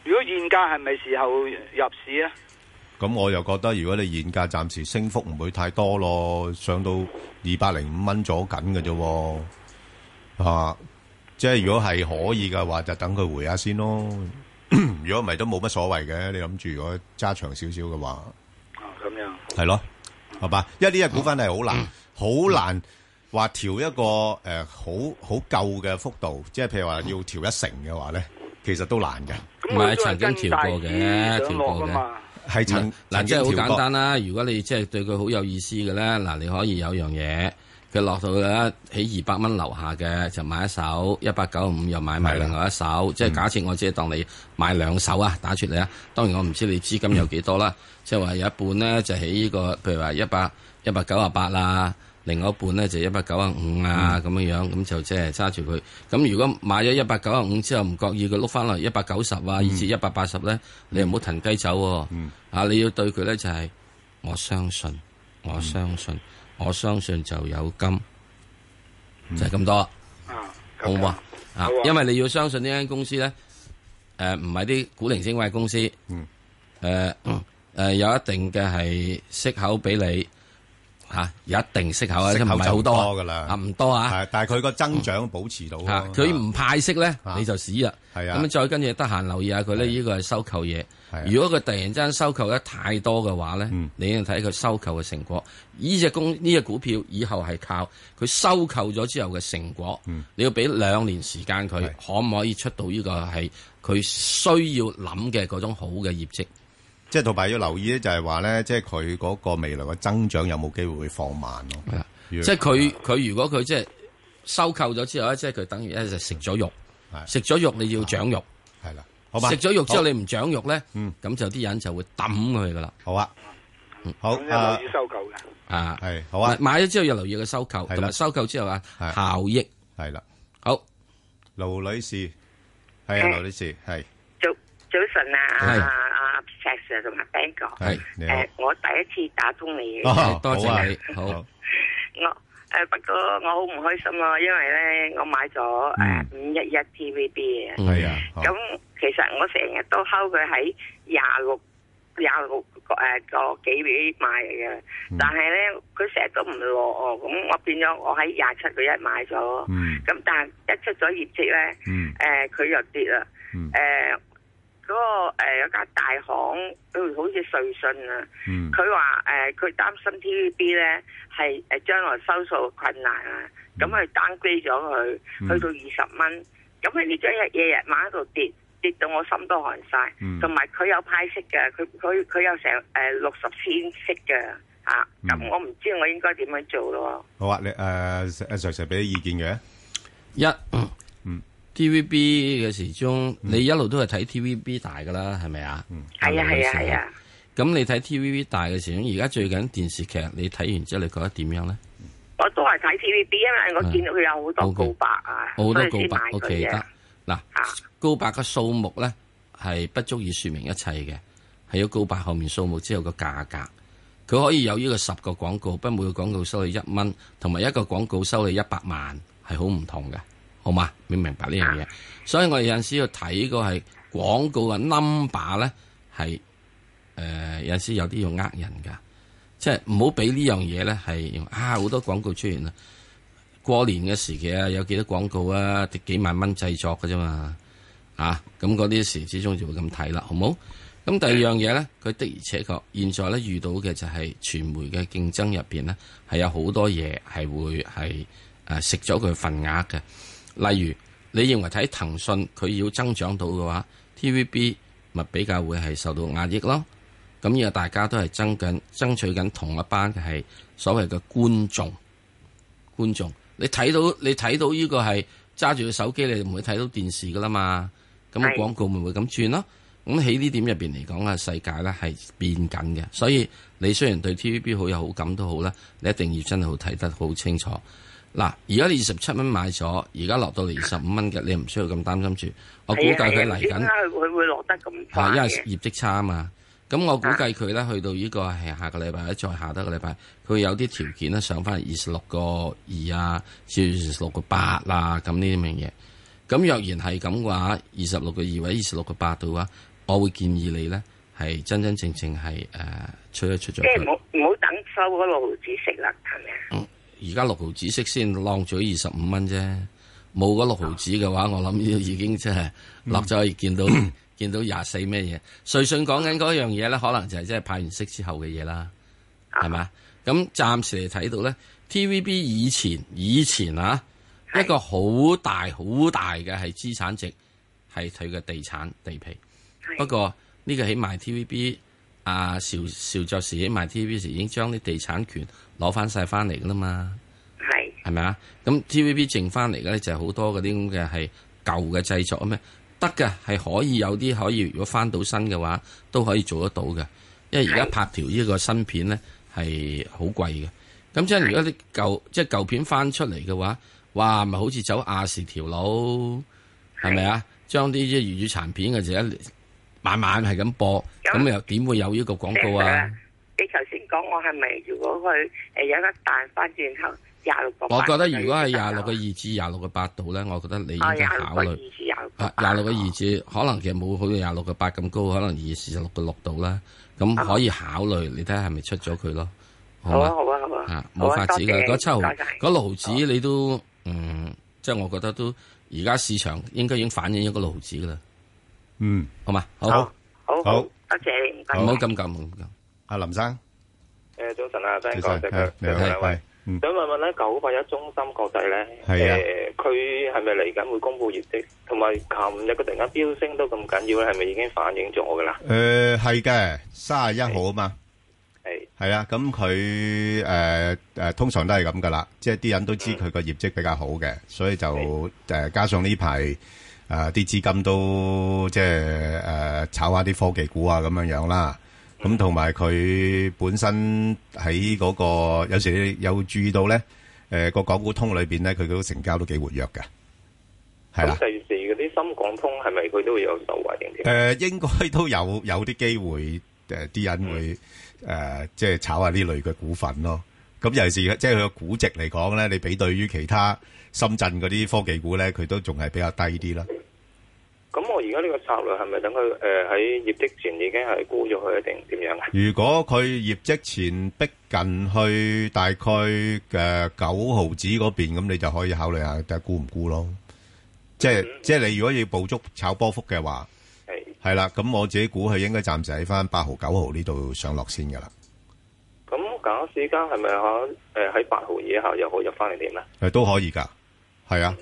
如果現價係咪時候入市啊？咁我又覺得，如果你現價暫時升幅唔會太多咯，上到二百零五蚊咗緊嘅啫喎。啊，即係如果係可以嘅話，就等佢回下先咯。 如果唔係都冇乜所謂嘅，你諗住如果揸長少少嘅話，咁、啊、樣係咯，係的、嗯、吧？因為呢隻股份係好難，好、嗯、難話調一個誒好好夠嘅幅度，即係、嗯、譬如話要調一成嘅話咧，其實都難嘅，唔係、嗯、曾經調過嘅，調過嘅係、嗯呃、曾嗱，即係好簡單啦、啊。如果你即係對佢好有意思嘅咧，嗱，你可以有樣嘢。佢落到咧起二百蚊樓下嘅就買一手一百九十五，又買埋另外一手，的即係假設我只係當你買兩手啊，打出嚟啊。當然我唔知你資金有幾多啦，即係話有一半咧就喺呢、這個，譬如話一百一百九十八啦，另外一半咧就一百九十五啊咁嘅，嗯、樣，咁就即係揸住佢。咁如果買咗一百九十五之後唔覺意佢碌翻落一百九十啊，嗯、以至一百八十咧，嗯、你唔好騰雞走喎，啊。嗯、啊，你要對佢咧就係、是、我相信，我相信。嗯我相信就有金，就係咁多。好唔好啊？啊，因為你要相信呢間公司咧，誒，唔係啲古靈精怪嘅公司。嗯。誒，誒，有一定嘅係息口俾你，吓，一定息口啊，因唔係好多噶啦。吓，唔多啊。但係佢個增長保持到。吓，佢唔派息咧，你就蝕啦。係啊。咁再跟住得閒留意下佢咧，呢個係收購嘢。如果佢突然之間收購得太多嘅話咧，嗯、你要睇佢收購嘅成果。呢、嗯、隻公呢隻、這個、股票以後係靠佢收購咗之後嘅成果。嗯、你要俾兩年時間佢，的可唔可以出到呢個係佢需要諗嘅嗰種好嘅業績？即係同埋要留意咧，就係話咧，即係佢嗰個未來嘅增長有冇機會會放慢咯？即係佢佢如果佢即係收購咗之後咧，即係佢等於咧就食咗肉，食咗的肉你要長肉，係啦。.食咗肉之後你唔長肉咧，咁就啲人就會抌佢噶啦。好啊，好啊，留意收購嘅啊，係好啊。買咗之後又留意佢收購，同埋收購之後啊效益係啦。好，盧女士係啊，盧女士係早早晨啊，阿阿 Peter 同埋 Ben 哥係誒，我第一次打通你，多謝你好。我。誒，啊、不過我好唔開心咯、啊，因為咧我買咗誒、嗯呃、五一一 T V B 嘅。係啊，咁、嗯嗯、其實我成日都睺佢喺廿六廿六個誒、呃、個幾 B 買嚟嘅，但係咧佢成日都唔落，咁我變咗我喺廿七嗰日買咗，咁、嗯、但係一出咗業績咧，誒佢又跌啦，誒、嗯。嗯呃嗰、那個誒、呃、有間大行，佢好似瑞信啊，佢話誒佢擔心 TVB 咧係誒將來收數困難啊，咁佢 downgrade 咗佢，去到二十蚊，咁佢哋咗日夜日晚喺度跌，跌，嗯、到我心都寒晒，同埋佢有派息嘅，佢佢佢有成誒六十天息嘅，啊、咁、嗯嗯嗯、我唔知我應該點樣做咯。好啊，你誒阿 Sir 就俾啲意見嘅，一。Yeah. T V B 嘅時鐘，你一路都係睇 T V B 大噶啦，係咪啊？係啊，係啊，係啊。咁你睇 T V B 大嘅時鐘，而家最近電視劇，你睇完之後你覺得點樣咧？我都係睇 T V B，因為我見到佢有好多告白啊，好多告白嘅嘢。嗱，告白嘅數目咧係不足以說明一切嘅，係有告白後面數目之後個價格，佢可以有呢個十個廣告，不過每個廣告收你一蚊，同埋一個廣告收你一百萬，係好唔同嘅。好嘛？你明白呢樣嘢，所以我哋有陣時要睇呢個係廣告嘅 number 咧，係誒、呃、有陣時有啲要呃人噶，即係唔好俾呢樣嘢咧，係啊，好多廣告出現啦。過年嘅時期啊，有幾多廣告啊？幾萬蚊製作嘅啫嘛啊，咁嗰啲時始終就會咁睇啦，好冇？咁第二樣嘢咧，佢的而且確現在咧遇到嘅就係、是、傳媒嘅競爭入邊咧，係有好多嘢係會係誒、呃、食咗佢份額嘅。例如，你認為睇騰訊佢要增長到嘅話，TVB 咪比較會係受到壓抑咯。咁而家大家都係爭緊爭取緊同一班嘅係所謂嘅觀眾，觀眾。你睇到你睇到呢個係揸住個手機，你就唔會睇到電視噶啦嘛。咁廣告咪會咁轉咯。咁喺呢點入邊嚟講啊，世界咧係變緊嘅。所以你雖然對 TVB 好有好感都好啦，你一定要真係好睇得好清楚。嗱，而家你二十七蚊買咗，而家落到嚟二十五蚊嘅，啊、你唔需要咁擔心住。我估計佢嚟緊，佢會落得咁差，因為業績差啊嘛。咁我估計佢咧、啊、去到呢、呢個係下個禮拜或者再下得個禮拜，佢有啲條件咧上翻二十六個二啊，至二十六個八啊，咁呢啲名嘢。咁若然係咁嘅話，二十六個二或者二十六個八度啊，我會建議你咧係真真正正係誒、呃、出一出咗佢。即係唔好唔好等收嗰六毫子食啦，係咪啊？嗯而家六毫子息先，浪咗二十五蚊啫。冇嗰六毫子嘅話，我諗已經即係落咗，可以見到、嗯、見到廿四咩嘢？瑞信講緊嗰樣嘢咧，可能就係即係派完息之後嘅嘢啦，係咪、啊？咁暫時嚟睇到咧，T.V.B. 以前以前啊，是一個好大好大嘅係資產值，係佢嘅地產地皮。是不過呢個起賣 T.V.B. 啊，邵邵爵士起賣 T.V.B. 時已經將啲地產權，攞翻晒翻嚟噶啦嘛，係是，係咪啊？咁 T V B 剩翻嚟嘅咧就係好多嗰啲咁嘅係舊嘅製作啊咩，得嘅係可以有啲可以，如果翻到新嘅話都可以做得到嘅，因為而家拍條呢個新片咧係好貴嘅。咁即係是如果啲舊即係舊片翻出嚟嘅話，哇咪好似走亞視條路，係咪啊？將啲粵語殘片嘅就一年晚晚係咁播，咁有又點會有呢個廣告啊？是你頭先講，我係咪如果佢誒有得彈翻轉頭廿六個八？我覺得如果係廿六個二至廿六個八度咧，我覺得你應該考慮廿六個二至廿六廿六個二至，可能其實冇好似廿六個八咁高，可能二四十六個六度啦。咁可以考慮，你睇下係咪出咗佢咯？好啊好啊好啊，冇法子噶。嗰，七毫六毫子你都嗯，即係我覺得都而家市場應該已經反映一個六毫子啦。嗯，好嘛，好，好，好，ok，多謝，唔好咁撳咁阿林生，誒早晨啊，真係感謝佢兩位，想問問咧九八一中芯國際咧，誒佢係咪嚟緊會公布業績，同埋琴日個突然間飆升都咁緊要咧，係咪已經反映咗噶啦？誒係嘅，三十一號啊嘛，係係啊，咁佢誒誒通常都係咁噶啦，即係啲人都知佢個業績比較好嘅，所以就誒加上呢排誒啲資金都即係誒炒下啲科技股啊咁樣樣啦。咁同埋佢本身喺嗰、那個有時有注意到咧，誒、呃那個港股通裏邊咧，佢嗰個成交都幾活躍嘅，係啦。咁第時嗰啲深港通係咪佢都會有受惠嘅？誒、嗯，應該都有有啲機會，誒、呃、啲人會誒即係炒下呢類嘅股份咯。咁尤其是即係佢個估值嚟講咧，你比對於其他深圳嗰啲科技股咧，佢都仲係比較低啲啦。咁我而家呢個策略係咪等佢誒喺業績前已經係沽咗佢定點樣啊？如果佢業績前逼近去大概誒九毫子嗰邊，咁你就可以考慮下睇沽唔沽咯。即係即係你如果要捕捉炒波幅嘅話，係係啦。咁我自己估係應該暫時喺翻八毫九毫呢度上落先噶啦。咁隔時間係咪可誒喺八毫以下又好入翻嚟點咧？誒都可以噶，係啊。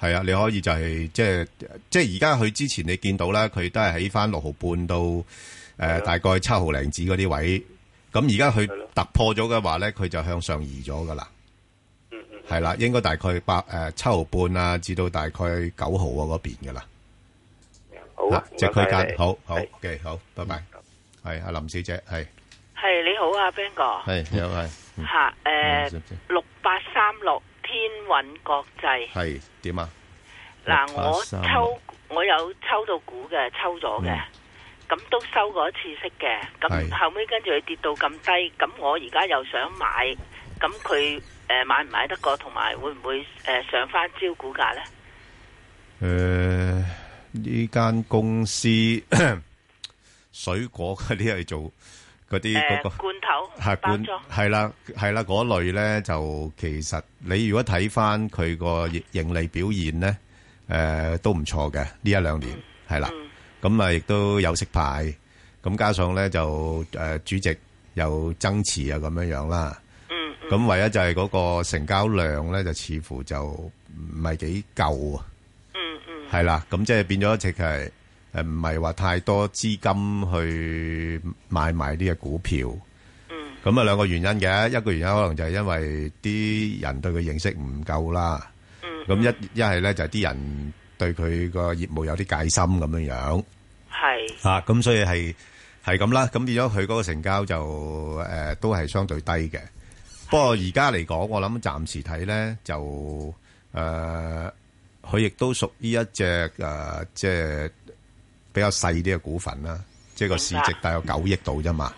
係啊，你可以就係即係即係而家佢之前你見到啦，佢都係喺翻六毫半到誒大概七毫零子嗰啲位，咁而家佢突破咗嘅話咧，佢就向上移咗噶啦。嗯嗯，係啦，應該大概八誒七毫半啊，至到大概九毫啊嗰邊噶啦。好，即區間，好好嘅，好，拜拜。係阿林小姐，係係你好啊，Ben 哥，係你好，係吓誒六八三六。天韻國際係點啊？嗱，我抽我有抽到股嘅，抽咗嘅，咁都收過一次息嘅。咁後尾跟住佢跌到咁低，咁我而家又想買，咁佢誒買唔買得過？同埋會唔會誒上返招股價呢？誒，呢間公司水果嗰啲係做。嗰啲嗰個罐頭包裝，係啦係啦，嗰類咧，就其實你如果睇翻佢個盈利表現咧，誒都唔錯嘅，呢一兩年係啦，咁啊亦都有息派，咁加上咧就誒主席又增持啊咁樣樣啦，咁唯一就係嗰個成交量咧就似乎就唔係幾夠啊，係啦，咁即係變咗一隻係。誒，唔係話太多資金去買埋呢個股票，咁啊、嗯、兩個原因嘅，一個原因可能就係因為啲人對佢認識唔夠啦，咁一一係咧就係、是、啲人對佢個業務有啲戒心咁樣樣，係是啊，咁所以係係咁啦，咁變咗佢個成交就誒、呃、都係相對低嘅。是不過而家嚟講，我諗暫時睇咧就誒，佢、呃、亦都屬於一隻誒即係。呃比較細啲嘅股份啦，即係個市值大約九億度啫嘛。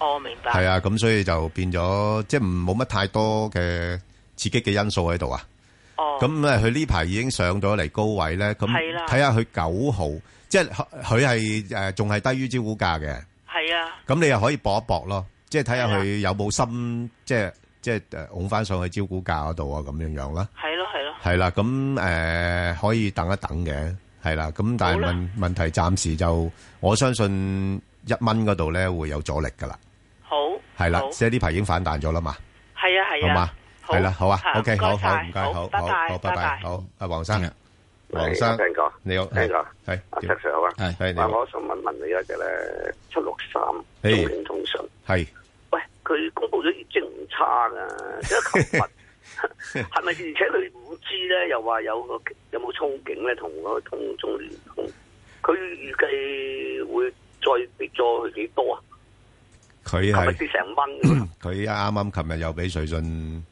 哦，明白。係啊，咁所以就變咗，即係唔冇乜太多嘅刺激嘅因素喺度啊。哦。咁誒，佢呢排已經上咗嚟高位咧，咁睇下佢九號，即係佢係誒仲係低於招股價嘅。係啊的。咁你又可以搏一搏咯，即係睇下佢有冇心，的即係即係誒，拱翻上去招股價嗰度啊，咁樣樣啦。係咯，係咯。係啦，咁誒、呃，可以等一等嘅。係啦，咁但係問問題，暫時就我相信一蚊嗰度咧會有阻力噶啦。好係啦，即係呢排已經反彈咗啦嘛。係啊，係啊，好嘛，係啦好啊。OK，好好唔該，好，拜拜，好拜拜，好。阿黃生，黃生，聽講，你好，聽講，係阿石 Sir 啊，係係。但係我想問問你咧，七六三今年通訊係，喂，佢公布咗業績唔差噶。係咪？ 而且佢唔知咧，又話有個有冇憧憬咧，同嗰通中聯通，佢預計會再再幾多啊？佢係跌成蚊。佢啱啱琴日又俾瑞信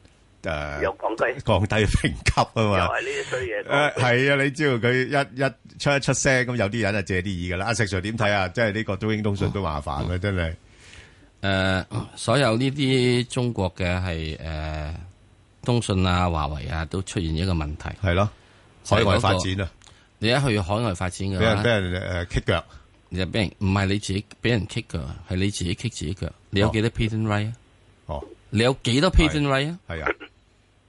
誒，有降低降低評級啊嘛。又係呢啲衰嘢。誒，係啊，你知道佢一一出一出聲，咁有啲人就借意啊借啲意噶啦。阿石 Sir 點睇啊？即係呢個中英通訊都麻煩啦，嗯、真係的。誒，uh, 所有呢啲中國嘅系誒。Uh, 中信啊，華為啊，都出現一個問題。係咯，海外發展啊，你一去海外發展嘅，俾人俾人誒踢腳，又俾人唔係你自己，俾人踢腳，係你自己踢自己腳。你有幾多 patent right 啊？哦，你有幾多 patent right 啊？係啊，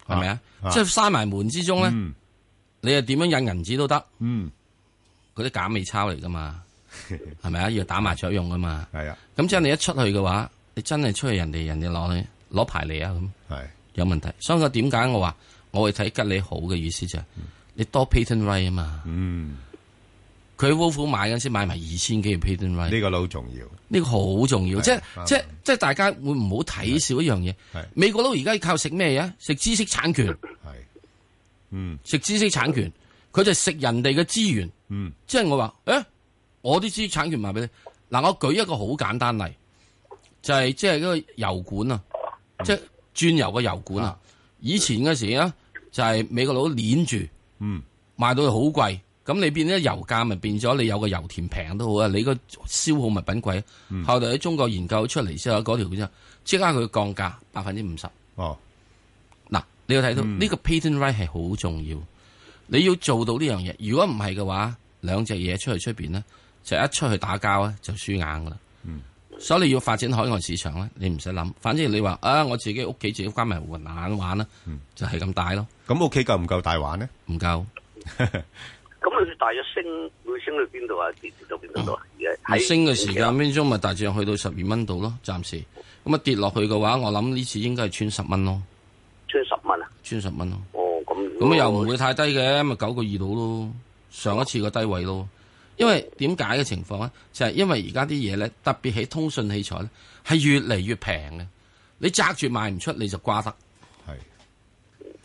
係咪啊？即係閂埋門之中咧，你又點樣印銀紙都得。嗯，嗰啲假美鈔嚟噶嘛，係咪啊？要打麻雀用噶嘛。係啊。咁即係你一出去嘅話，你真係出去人哋，人哋攞你攞牌嚟啊咁。係。有問題，所以我點解我話我會睇吉利好嘅意思就係你多 patent right 啊嘛，嗯，佢老虎買嗰先買埋二千幾嘅 patent right，呢個都好重要，呢個好重要，即係即係即係大家會唔好睇少一樣嘢，美國佬而家靠食咩嘢啊？食知識產權，係，嗯，食知識產權，佢就食人哋嘅資源，即係我話誒，我啲知識產權賣俾你，嗱，我舉一個好簡單例，就係即係一個油管啊，即係。鑽油嘅油管啊，以前嗰時啊就係、是、美國佬都捻住，嗯、賣到佢好貴，咁你變咗油價咪變咗？你有個油田平都好啊，你個消耗物品貴，嗯、後嚟喺中國研究出嚟之後，嗰條之後即刻佢降價百分之五十。哦，嗱、啊，你要睇到呢、嗯、個 patent right 係好重要，你要做到呢樣嘢，如果唔係嘅話，兩隻嘢出去出邊呢，就一出去打交咧就輸硬噶啦。所以你要發展海外市場咧，你唔使諗，反正你話啊，我自己屋企自己關埋門難玩啦，就係咁大咯。咁屋企夠唔夠大玩咧？唔夠。咁你大約升會升去邊度啊？跌，跌到邊度啊？升嘅時間分鐘咪大致去到十二蚊度咯，暫時。咁啊跌落去嘅話，我諗呢次應該係穿十蚊咯。穿十蚊啊？穿十蚊咯。哦，咁咁又唔會太低嘅，咪九個二度咯，上一次個低位咯。因為點解嘅情況咧，就係因為而家啲嘢咧，特別喺通訊器材咧，係越嚟越平嘅。你揸住賣唔出，你就瓜得。係。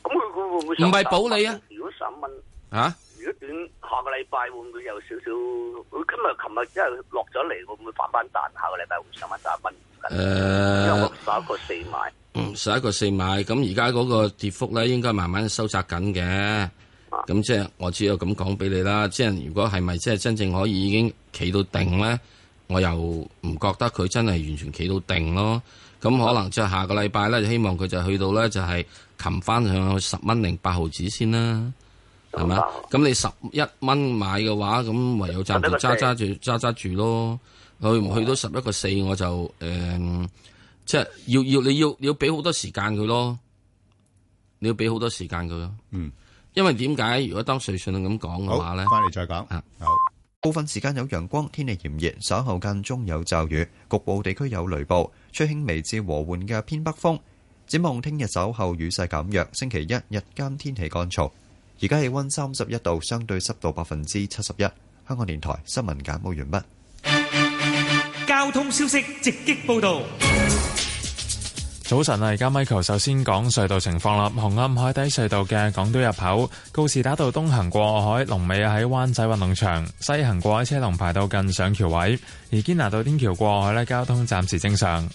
咁佢會唔會唔係保你啊？如果十蚊。啊？如果短下個禮拜會唔會有少少？佢今日、琴日，因為落咗嚟，會唔會反翻彈？下個禮拜會十蚊、十蚊唔緊。誒，十一個四買。嗯，十一個四買，咁而家嗰個跌幅咧，應該慢慢收窄緊嘅。咁即係我只有咁講俾你啦。即係如果係咪即係真正可以已經企到定咧？我又唔覺得佢真係完全企到定咯。咁可能即係下個禮拜咧，希望佢就去到咧，就係擒翻向十蚊零八毫子先啦。係嘛？咁你十一蚊買嘅話，咁唯有暫時揸揸住揸揸住咯。去去到十一個四，我就誒，即係要要你要你要俾好多時間佢咯。你要俾好多時間佢咯。嗯。因為點解如果當瑞信咁講嘅話咧？好，翻嚟再講。好，部分時間有陽光，天氣炎熱，稍後間中有驟雨，局部地區有雷暴，吹輕微至和緩嘅偏北風。展望聽日稍後雨勢減弱，星期一日間天氣乾燥。而家氣溫三十一度，相對濕度百分之七十一。香港電台新聞簡報完畢。交通消息直擊報道。早晨啊！而家 Michael 首先講隧道情況啦。紅磡海底隧道嘅港島入口，告士打道東行過海，龍尾喺灣仔運動場；西行過海，車龍排到近上橋位。而堅拿道天橋過海呢，交通暫時正常。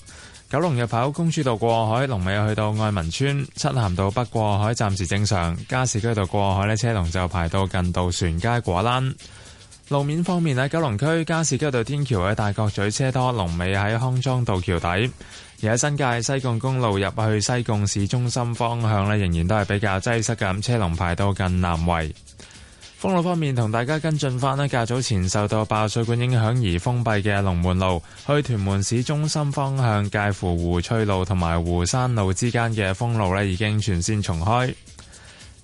九龍入口公主道過海，龍尾去到愛民村；漆咸道北過海暫時正常。加士居道過海呢，車龍就排到近渡船街果欄。路面方面，喺九龍區加士居道天橋喺大角咀車多，龍尾喺康莊道橋底。而喺新界西貢公路入去西貢市中心方向咧，仍然都係比較擠塞嘅，咁車龍排到近南圍。封路方面，同大家跟進翻咧，較早前受到爆水管影響而封閉嘅龍門路去屯門市中心方向，介乎湖翠路同埋湖山路之間嘅封路咧，已經全線重開。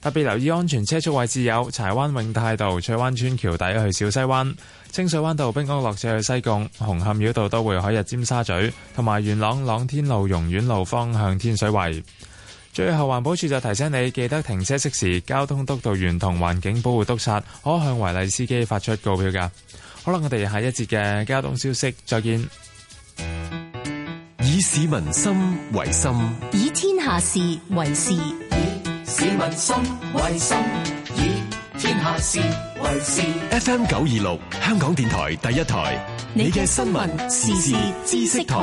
特別留意安全車速位置有柴灣永泰道翠灣村橋底去小西灣、清水灣道、濱江落車去西貢、紅磡繞道都會海日尖沙咀，同埋元朗朗天路、容苑路方向天水圍。最後，環保署就提醒你，記得停車熄匙。交通督導員同環境保護督察可向違例司機發出告票噶。好啦，我哋下一節嘅交通消息，再見。以市民心為心，以天下事為事。市民心為心，以天下事為事。FM 九二六，香港電台第一台，你嘅新聞時事知識台。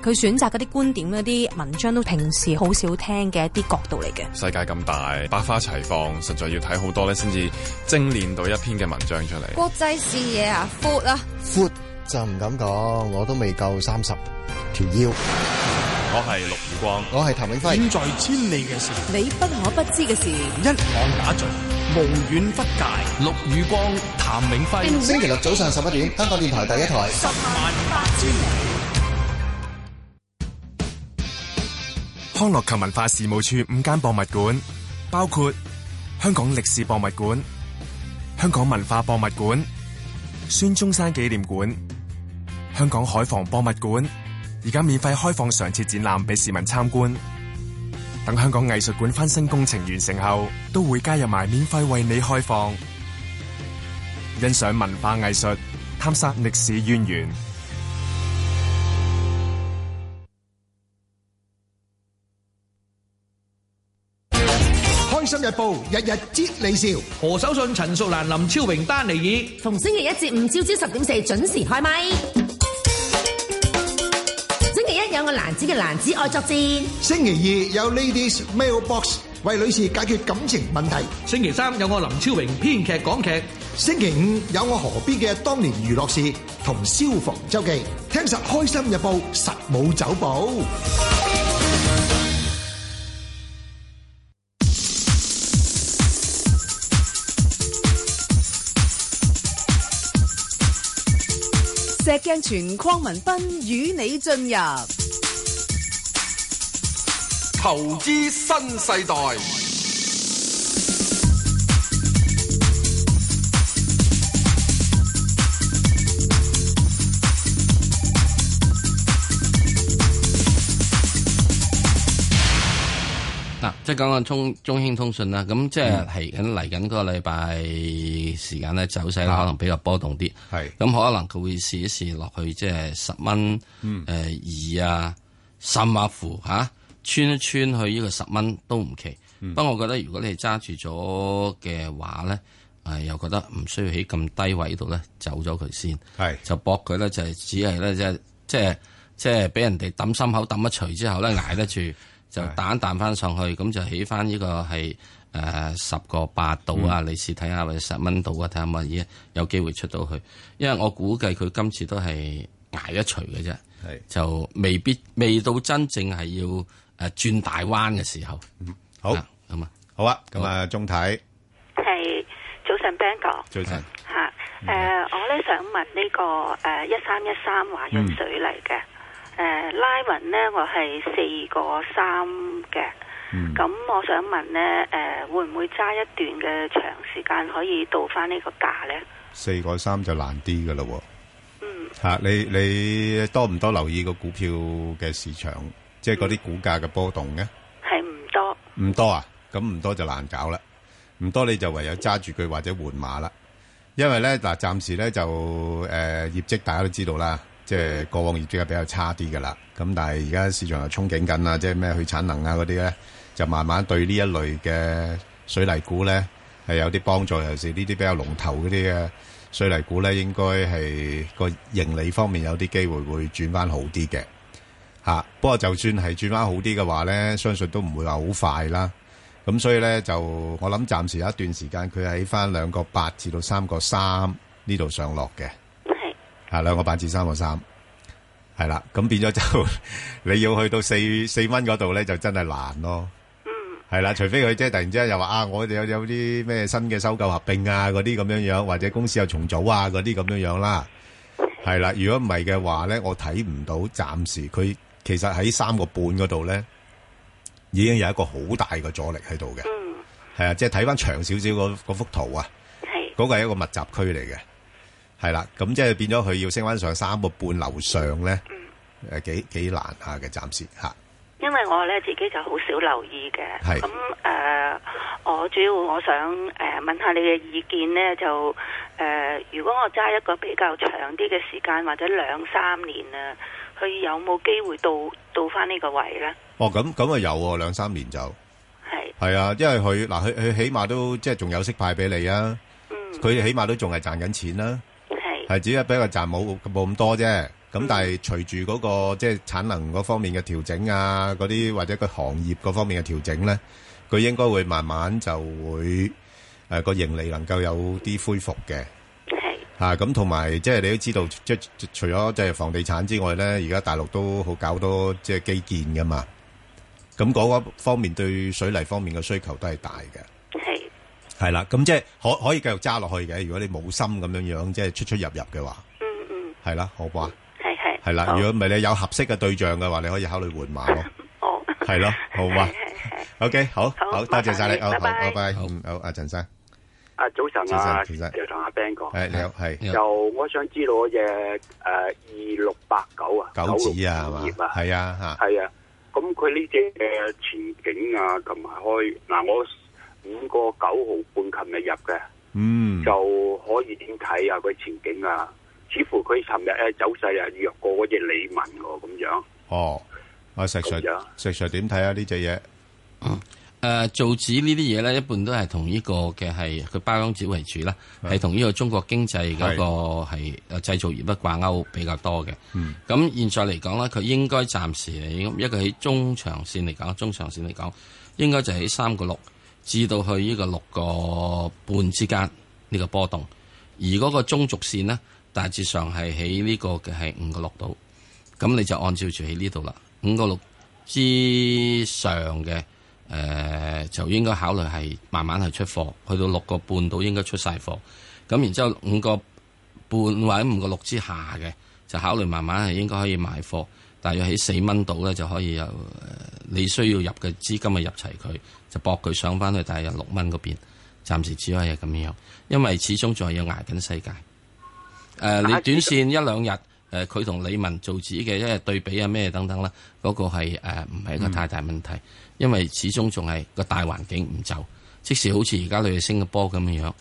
佢選擇嗰啲觀點嗰啲文章，都平時好少聽嘅一啲角度嚟嘅。世界咁大，百花齊放，實在要睇好多咧，先至精煉到一篇嘅文章出嚟。國際視野啊，闊啊，闊就唔敢講，我都未夠三十條腰。我係陸宇光，我係譚永輝。遠在千里嘅事，你不可不知嘅事，一網打盡，無遠不屆。陸宇光、譚永輝。星期六早上十一點，香港電台第一台。十萬八千里。康樂及文化事務處五間博物館，包括香港歷史博物館、香港文化博物館、孫中山紀念館、香港海防博物館。而家免費開放常設展覽俾市民參觀，等香港藝術館翻新工程完成後，都會加入埋免費為你開放，欣賞文化藝術，探索歷史淵源。開心日報，日日接你笑。何守信、陳淑蘭、林超榮、丹尼爾，逢星期一至五朝朝十點四準時開咪。有我男子嘅男子愛作戰，星期二有 Ladies Mailbox 為女士解決感情問題，星期三有我林超榮編劇港劇，星期五有我何必嘅當年娛樂事同消防周記，聽實開心日報實冇走步。石鏡泉、鄺民彬與你進入投資新世代。講緊中中興通訊啦，咁即係係緊嚟緊個禮拜時間咧，嗯、走勢可能比較波動啲。係咁、嗯、可能佢會試一試落去，即係十蚊誒二啊十碼符吓，穿一穿去呢個十蚊都唔奇。不過、嗯、我覺得如果你係揸住咗嘅話咧，誒、呃、又覺得唔需要喺咁低位度咧走咗佢先。係是就搏佢咧就係、是、只係咧就即係即係俾人哋抌心口抌一錘之後咧挨得住。是 就彈一彈翻上去，咁就起翻呢個係誒十個八度啊！你試睇下，或者十蚊度啊！睇下咪咦有機會出到去？因為我估計佢今次都係捱一捶嘅啫，是就未必未到真正係要誒轉大彎嘅時候。好咁啊，好啊，咁啊，鐘睇係早晨 Ben 哥，早晨嚇誒，是 mm. uh, 我咧想問呢個誒一三一三華潤水泥嚟嘅。Mm. 誒、呃，拉文咧，我係四個三嘅，咁、嗯、我想問咧，誒、呃，會唔會揸一段嘅長時間可以到翻呢個價咧？四個三就難啲嘅咯，嗯，吓、啊、你你多唔多留意個股票嘅市場，即係嗰啲股價嘅波動嘅？係唔多？唔多啊，咁唔多就難搞啦，唔多你就唯有揸住佢或者換馬啦，因為咧嗱，暫時、呃、咧就誒、呃、業績大家都知道啦。即係過往業績係比較差啲㗎啦，咁但係而家市場又憧憬緊啊！即係咩去產能啊嗰啲咧，就慢慢對呢一類嘅水泥股咧係有啲幫助，尤其是呢啲比較龍頭嗰啲嘅水泥股咧，應該係個盈利方面有啲機會會轉翻好啲嘅嚇。不過就算係轉翻好啲嘅話咧，相信都唔會話好快啦。咁所以咧就我諗暫時有一段時間佢喺翻兩個八至到三個三呢度上落嘅。係兩個八至三個三，係啦，咁變咗就 你要去到四四蚊嗰度咧，就真係難咯。嗯，係啦，除非佢即係突然之間又話啊，我哋有有啲咩新嘅收購合併啊，嗰啲咁樣樣，或者公司又重組啊，嗰啲咁樣樣啦。係啦，如果唔係嘅話咧，我睇唔到暫，暫時佢其實喺三個半嗰度咧，已經有一個好大嘅阻力喺度嘅。嗯，係啊，即係睇翻長少少嗰幅圖啊，嗰的個係一個密集區嚟嘅。係啦，咁即係變咗，佢要升翻上三個半樓上咧，誒幾幾難下，啊，嘅，暫時嚇。啊，因為我咧自己就好少留意嘅，咁誒係，呃，我主要我想誒，呃，問下你嘅意見咧，就誒，呃，如果我揸一個比較長啲嘅時間，或者兩三年啊，佢有冇機會到到翻呢個位咧？哦，咁咁啊有喎，兩三年就係係啊，因為佢嗱佢佢起碼都即係仲有息派俾你啊，佢，嗯，起碼都仲係賺緊錢啦，啊。係，只係俾個賺冇冇咁多啫。咁但係隨住嗰、那個即係產能嗰方面嘅調整啊，嗰啲或者個行業嗰方面嘅調整咧，佢應該會慢慢就會誒個、呃、盈利能夠有啲恢復嘅。係嚇 Okay.、啊，咁同埋即係你都知道，即係除咗即係房地產之外咧，而家大陸都好搞多即係基建㗎嘛。咁、那、嗰、個、方面對水泥方面嘅需求都係大嘅。係啦，咁即係可可以繼續揸落去嘅。如果你冇心咁樣樣，即係出出入入嘅話，嗯嗯，係啦，好啩，係係，係啦。如果唔係你，有合適嘅對象嘅話，你可以考慮換馬咯。哦，係咯，好啊，係係係，OK，好，好多謝晒你，拜拜，拜拜，好，阿陳生，阿早晨啊，其實就同阿 Ben 講，係，係，就我想知道隻誒二六八九啊，玖紙啊，係嘛，係啊，係啊，咁佢呢隻嘅前景啊，同埋開嗱我。五個九毫半，琴日入嘅，嗯，就可以點睇啊？佢前景啊，似乎佢尋日咧走勢啊，弱過嗰隻利文喎，咁樣哦。阿石 Sir，石 Sir 點睇啊？呢隻嘢誒，造紙呢啲嘢咧，一般都係同呢個嘅係佢包裝紙為主啦，係同呢個中國經濟嗰個係誒製造業不掛鈎比較多嘅。嗯，咁、嗯、現在嚟講咧，佢應該暫時嚟講，一個喺中長線嚟講，中長線嚟講，應該就喺三個六。至到去呢個六個半之間呢、呢個波動，而嗰個中軸線咧，大致上係喺呢個嘅係五個六度，咁你就按照住喺呢度啦。五個六之上嘅，誒、呃、就應該考慮係慢慢去出貨，去到六個半度應該出晒貨，咁然之後五個半或者五個六之下嘅，就考慮慢慢係應該可以買貨。大約喺四蚊度咧，就可以有你需要入嘅資金啊，入齊佢就搏佢上翻去，大約六蚊嗰邊，暫時只可以係咁樣，因為始終仲係要挨緊世界。誒、呃，你短線一兩日誒，佢、呃、同李文做自己嘅一日對比啊，咩等等啦，嗰、那個係唔係一個太大問題，嗯、因為始終仲係個大環境唔就，即使好似而家你哋新加坡咁樣樣，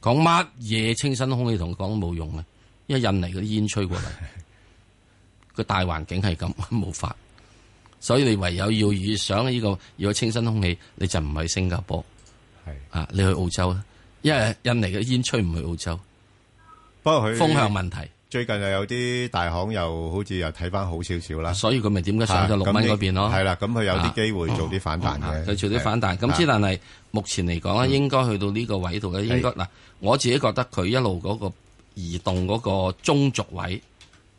講乜嘢清新空氣同佢講冇用啊，因為印尼嗰啲煙吹過嚟。 個大環境係咁，冇法，所以你唯有要想呢個如果清新空氣，你就唔係新加坡，係啊，你去澳洲，因為印尼嘅煙吹唔去澳洲。不過佢風向問題，最近又有啲大行又好似又睇翻好少少啦。所以佢咪點解上咗六蚊嗰邊咯？係啦，咁佢有啲機會做啲反彈嘅。佢做啲反彈，咁之但係目前嚟講咧，應該去到呢個位度咧，應該嗱，我自己覺得佢一路嗰個移動嗰個中軸位。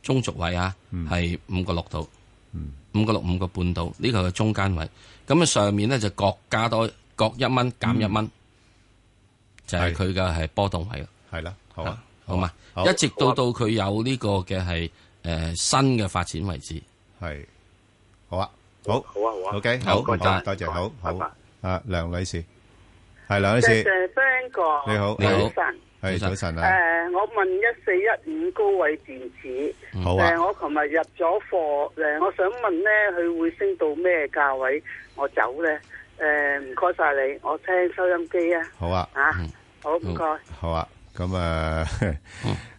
中軸位啊，係五個六度，五個六五個半度，呢個係中間位。咁啊上面咧，就各加多各一蚊，減一蚊，就係佢嘅係波動位咯。係啦，好啊，好嘛，一直到到佢有呢個嘅係誒新嘅發展為止。係，好啊，好，好啊，好啊。O K，好，多謝，好，好。啊，梁女士，係梁女士。你好，你好。早晨，早晨啊。誒，我問一四一五高位電池。誒，我琴日入咗貨，誒，我想問咧，佢會升到咩價位我走咧？誒，唔該晒你，我聽收音機啊。好啊，啊，好唔該。好啊，咁啊，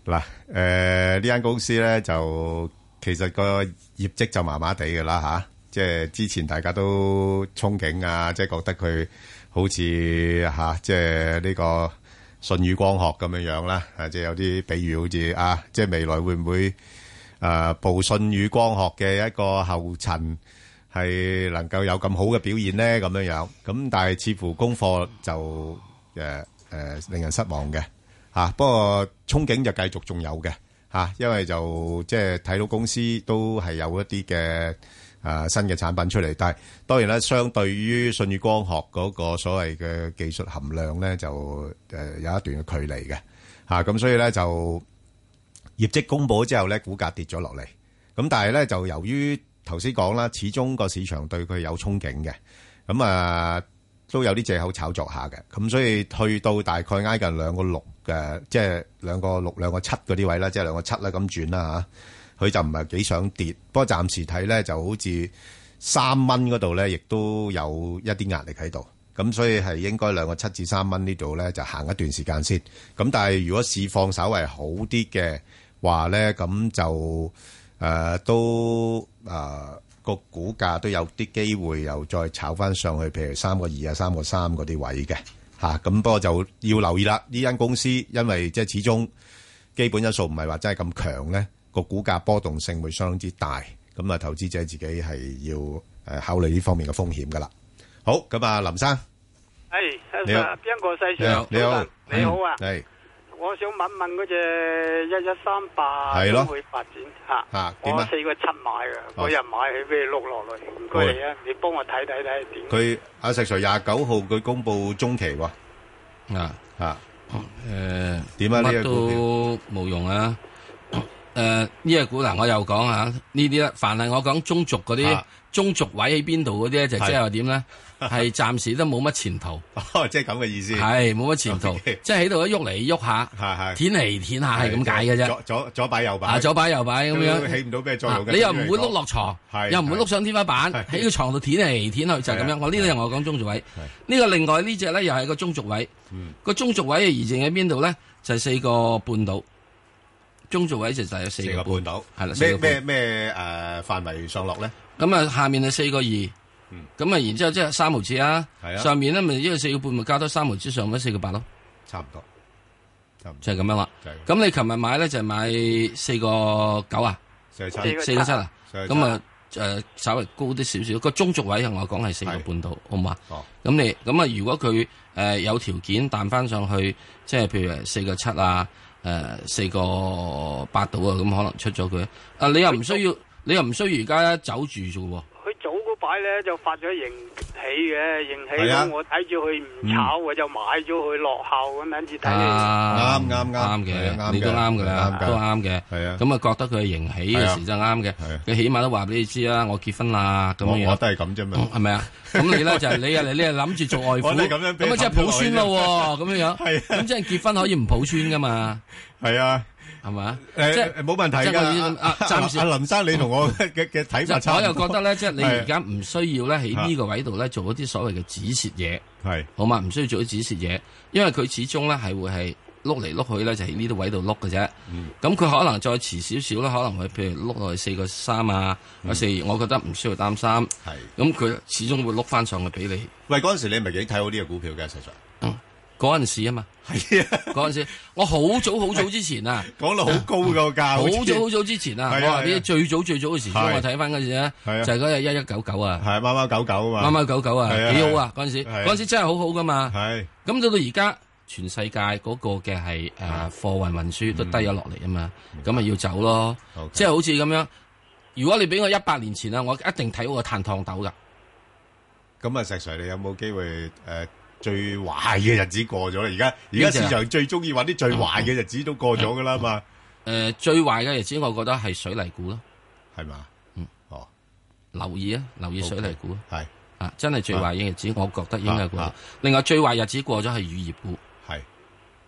嗱，誒，呢間公司咧就其實個業績就麻麻地噶啦吓，即係之前大家都憧憬啊，即係覺得佢好似吓，即係呢個舜宇光學咁樣樣啦，啊，即係有啲比喻，好似啊，即係未來會唔會？誒，步舜宇光學嘅一個後塵係能夠有咁好嘅表現咧，咁樣樣，咁但係似乎功課就誒誒令人失望嘅，吓。不過憧憬就繼續仲有嘅，吓，因為就即係睇到公司都係有一啲嘅誒新嘅產品出嚟，但係當然啦，相對於舜宇光學嗰個所謂嘅技術含量咧，就誒有一段嘅距離嘅，吓，咁所以咧就。業績公佈之後呢，股價跌咗落嚟。咁但係呢，就由於頭先講啦，始終個市場對佢有憧憬嘅。咁、嗯、啊、呃，都有啲藉口炒作下嘅。咁、嗯、所以去到大概挨近兩個六嘅，即係兩個六兩個七嗰啲位啦，即係兩個七啦咁轉啦嚇。佢、啊、就唔係幾想跌，不過暫時睇呢，就好似三蚊嗰度呢，亦都有一啲壓力喺度。咁、嗯、所以係應該兩個七至三蚊呢度呢，就行一段時間先。咁、嗯、但係如果市況稍為好啲嘅，話咧，咁就誒、呃、都誒個、呃、股價都有啲機會又再炒翻上去，譬如三個二啊，三個三嗰啲位嘅吓，咁不過就要留意啦。呢間公司因為即係始終基本因素唔係話真係咁強咧，個股價波動性會相當之大。咁、嗯、啊，投資者自己係要誒考慮呢方面嘅風險噶啦。好，咁啊，林生，係邊個世？你好，你好啊，係、嗯。我想問問嗰隻一一三八點去發展吓？啊點啊？我四個七買噶，嗰日買起俾你碌落嚟。唔該啊，你幫我睇睇睇點？佢阿石 Sir 廿九號佢公布中期喎。啊啊，誒點啊？呢隻股票冇用啊。誒，呢隻股嗱，我又講吓，呢啲啦，凡係我講中俗嗰啲，中俗位喺邊度嗰啲咧，就即係話點咧？係暫時都冇乜前途，即係咁嘅意思。係冇乜前途，即係喺度一喐嚟喐下，舔嚟舔下係咁解嘅啫。左左擺右擺，左擺右擺咁樣，起唔到咩作用。你又唔會碌落床，又唔會碌上天花板，喺個床度舔嚟舔去就係咁樣。我呢度又我講中軸位，呢個另外呢隻咧又係個中軸位。個中軸位移正喺邊度咧？就係四個半島，中軸位其實就有四個半島，係啦，咩咩咩誒範圍上落咧？咁啊，下面係四個二。咁啊，然之後即係三毫紙啊，上面咧咪一個四個半咪加多三毫紙，上咪四個八咯，差唔多，就係咁樣啦。咁你琴日買咧就係買四個九啊，四個七啊，咁啊誒，稍微高啲少少。個中軸位我講係四個半度，好唔好？咁你咁啊，如果佢誒有條件彈翻上去，即係譬如四個七啊，誒四個八度啊，咁可能出咗佢。啊，你又唔需要，你又唔需要而家走住啫喎。咧就發咗盈喜嘅盈喜咧，我睇住佢唔炒，我就買咗佢落後咁樣子睇。啱啱啱嘅，你都啱噶，都啱嘅。係啊，咁啊覺得佢盈喜嘅時就啱嘅。佢起碼都話俾你知啦，我結婚啦咁樣。我我都係咁啫嘛，係咪啊？咁你咧就你啊？你你諗住做外父，咁啊即係抱孫咯？咁樣樣，咁即係結婚可以唔抱孫噶嘛？係啊。係嘛？誒，即係冇問題啊，暫時阿林生，你同我嘅嘅睇法我又覺得咧，即係你而家唔需要咧喺呢個位度咧做一啲所謂嘅止蝕嘢。係好嘛？唔需要做啲止蝕嘢，因為佢始終咧係會係碌嚟碌去咧就喺呢度位度碌嘅啫。咁佢可能再遲少少啦，可能係譬如碌落去四個三啊，或者四，我覺得唔需要擔心。係。咁佢始終會碌翻上去畀你。喂，嗰陣時你咪係幾睇好呢個股票嘅，實在。嗰陣時啊嘛，係啊，嗰陣時我好早好早之前啊，講到好高個價，好早好早之前啊，我話啲最早最早嘅時鐘，我睇翻嗰時咧，就係嗰隻一一九九啊，係孖孖九九啊，孖孖九九啊，幾好啊，嗰陣時，嗰陣時真係好好噶嘛，係，咁到到而家，全世界嗰個嘅係誒貨運運輸都低咗落嚟啊嘛，咁咪要走咯，即係好似咁樣，如果你俾我一百年前啊，我一定睇我個炭燙斗噶，咁啊石 Sir，你有冇機會誒？最壞嘅日子過咗啦，而家而家市場最中意搵啲最壞嘅日子都過咗噶啦嘛。誒、嗯，最壞嘅日子，我覺得係水泥股咯，係嘛吧？嗯，哦，留意啊，留意水泥股，係、okay, 是啊，真係最壞嘅日子，我覺得應該過。啊啊、另外，最壞日子過咗係乳業股，係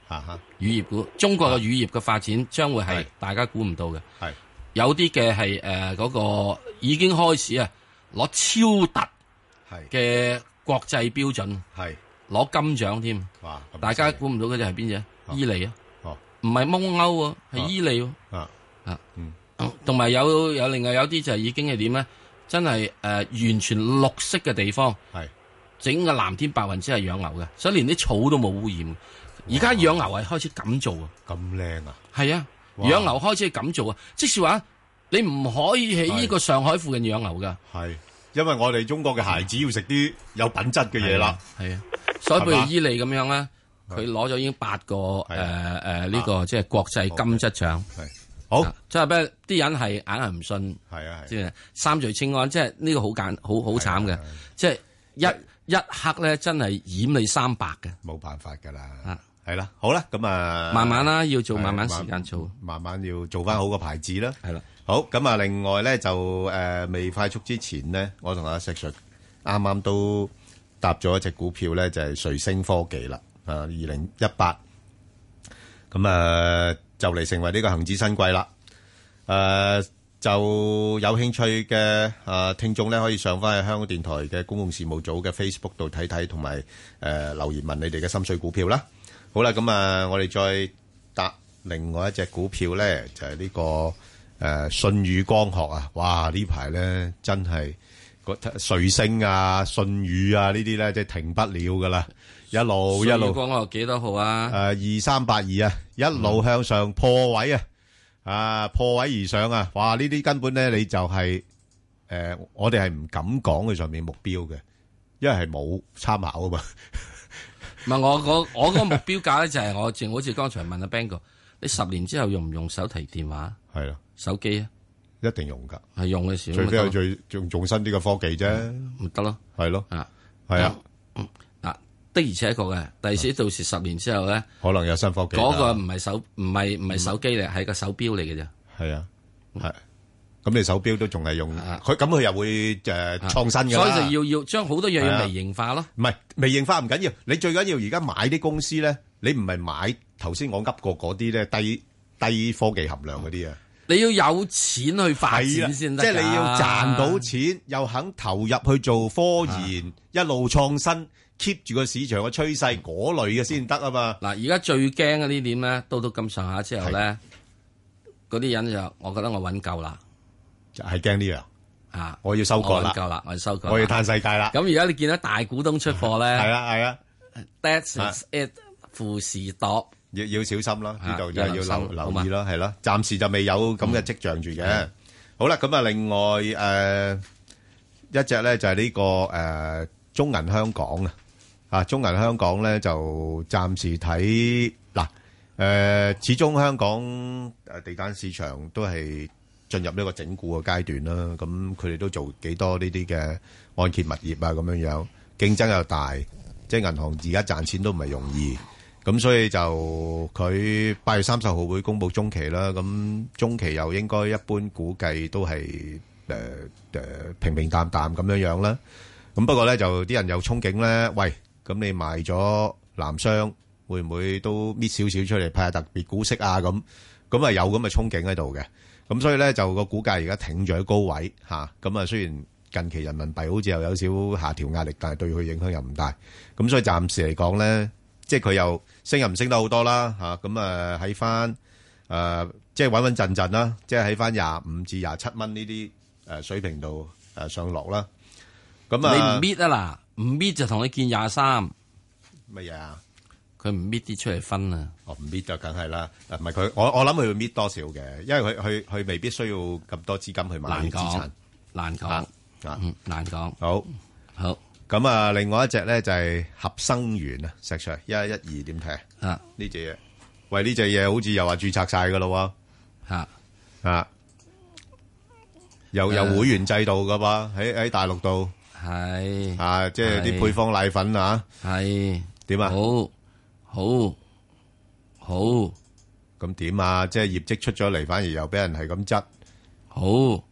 啊哈，乳、啊、業股，中國嘅乳業嘅發展將會係、啊、大家估唔到嘅，係是有啲嘅係誒嗰個已經開始啊攞超突係嘅國際標準係。攞金獎添，大家估唔到嗰隻係邊隻？伊利啊，唔係蒙牛喎，係伊利喎。啊啊，嗯，同埋有有另外有啲就係已經係點咧？真係誒，完全綠色嘅地方，係整個藍天白雲只係養牛嘅，所以連啲草都冇污染。而家養牛係開始咁做啊！咁靚啊！係啊，養牛開始係咁做啊！即是話你唔可以喺呢個上海附近養牛噶。係。因為我哋中國嘅孩子要食啲有品質嘅嘢啦，係啊，所以譬如伊利咁樣咧，佢攞咗已經八個誒誒呢個即係國際金質獎，係好，即係咩？啲人係硬係唔信，係啊，即係三聚氰胺，即係呢個好簡好好慘嘅，即係一一刻咧，真係掩你三百嘅，冇辦法噶啦，啊，係啦，好啦，咁啊，慢慢啦，要做慢慢時間做，慢慢要做翻好個牌子啦，係啦。好，咁啊，另外咧，就誒未快速之前咧，我同阿石 sir 啱啱都搭咗一隻股票咧，就係瑞聲科技啦。啊，二零一八咁啊，就嚟成為呢個恒指新貴啦。誒，就有興趣嘅啊聽眾咧，可以上返去香港電台嘅公共事務組嘅 Facebook 度睇睇，同埋誒留言問你哋嘅心水股票啦。好啦，咁啊，我哋再搭另外一隻股票咧，就係呢個。誒、啊，舜宇光學啊，哇！呢排咧真係個瑞聲啊、舜宇啊呢啲咧，即係停不了噶啦，一路帥一路。光學幾多號啊？誒、啊，二三八二啊，一路向上破位啊，嗯、啊，破位而上啊！哇，呢啲根本咧你就係、是、誒、呃，我哋係唔敢講佢上面目標嘅，因為係冇參考啊嘛。唔 係我個我個目標價、就、咧、是，就係我正好似剛才問阿 Ben 哥。你十年之後用唔用手提電話？係啊，手機啊，一定用噶係用嘅時候，除非係最用最新啲嘅科技啫，咪得咯，係咯，啊，係啊，嗱，的而且確嘅，第時到時十年之後咧，可能有新科技，嗰個唔係手唔係唔係手機嚟，係個手錶嚟嘅啫，係啊，係，咁你手錶都仲係用，佢咁佢又會誒創新噶所以就要要將好多嘢要微型化咯，唔係微型化唔緊要，你最緊要而家買啲公司咧，你唔係買頭先我噏過嗰啲咧，低低科技含量嗰啲啊？你要有錢去發展先得，即係你要賺到錢又肯投入去做科研，一路創新，keep 住個市場嘅趨勢嗰類嘅先得啊嘛！嗱，而家最驚嘅呢點咧，到到咁上下之後咧，嗰啲人就我覺得我穩夠啦，就係驚呢樣啊！我要收割啦，我穩夠啦，我收割，我要嘆世界啦！咁而家你見到大股東出貨咧，係啦係啦，That's it。富士多要要小心咯，呢度又要留留意咯，係咯。暫時就未有咁嘅跡象住嘅。好啦，咁啊，另外誒一隻咧就係呢個誒中銀香港啊，啊中銀香港咧就暫時睇嗱誒，始終香港誒地產市場都係進入呢個整固嘅階段啦。咁佢哋都做幾多呢啲嘅按揭物業啊，咁樣樣競爭又大，即係銀行而家賺錢都唔係容易。咁所以就佢八月三十號會公布中期啦，咁中期又應該一般估計都係誒誒平平淡淡咁樣樣啦。咁不過咧就啲人有憧憬咧，喂，咁你賣咗南商，會唔會都搣少少出嚟派下特別股息啊？咁咁啊有咁嘅憧憬喺度嘅。咁所以咧就個股價而家挺咗喺高位嚇。咁啊雖然近期人民幣好似又有少少下調壓力，但係對佢影響又唔大。咁所以暫時嚟講咧。即係佢又升又唔升得好多啦嚇，咁啊喺翻誒，即係穩穩陣陣啦，即係喺翻廿五至廿七蚊呢啲誒水平度誒上落啦。咁啊，你唔搣啊嗱，唔搣就同你見廿三乜嘢啊？佢唔搣啲出嚟分啊！哦，唔搣就梗係啦，唔係佢，我我諗佢會搣多少嘅，因為佢佢佢未必需要咁多資金去買啲資產，難講啊，嗯，難講。好，好。咁啊，另外一隻咧就係合生元啊，石 Sir 一一二點睇啊？呢隻嘢，喂呢隻嘢好似又話注冊晒噶咯喎，吓吓，又有會員制度噶嘛？喺喺大陸度係啊，即係啲配方奶粉啊，係點啊？好，好，好，咁點啊？即係業績出咗嚟，反而又俾人係咁質好。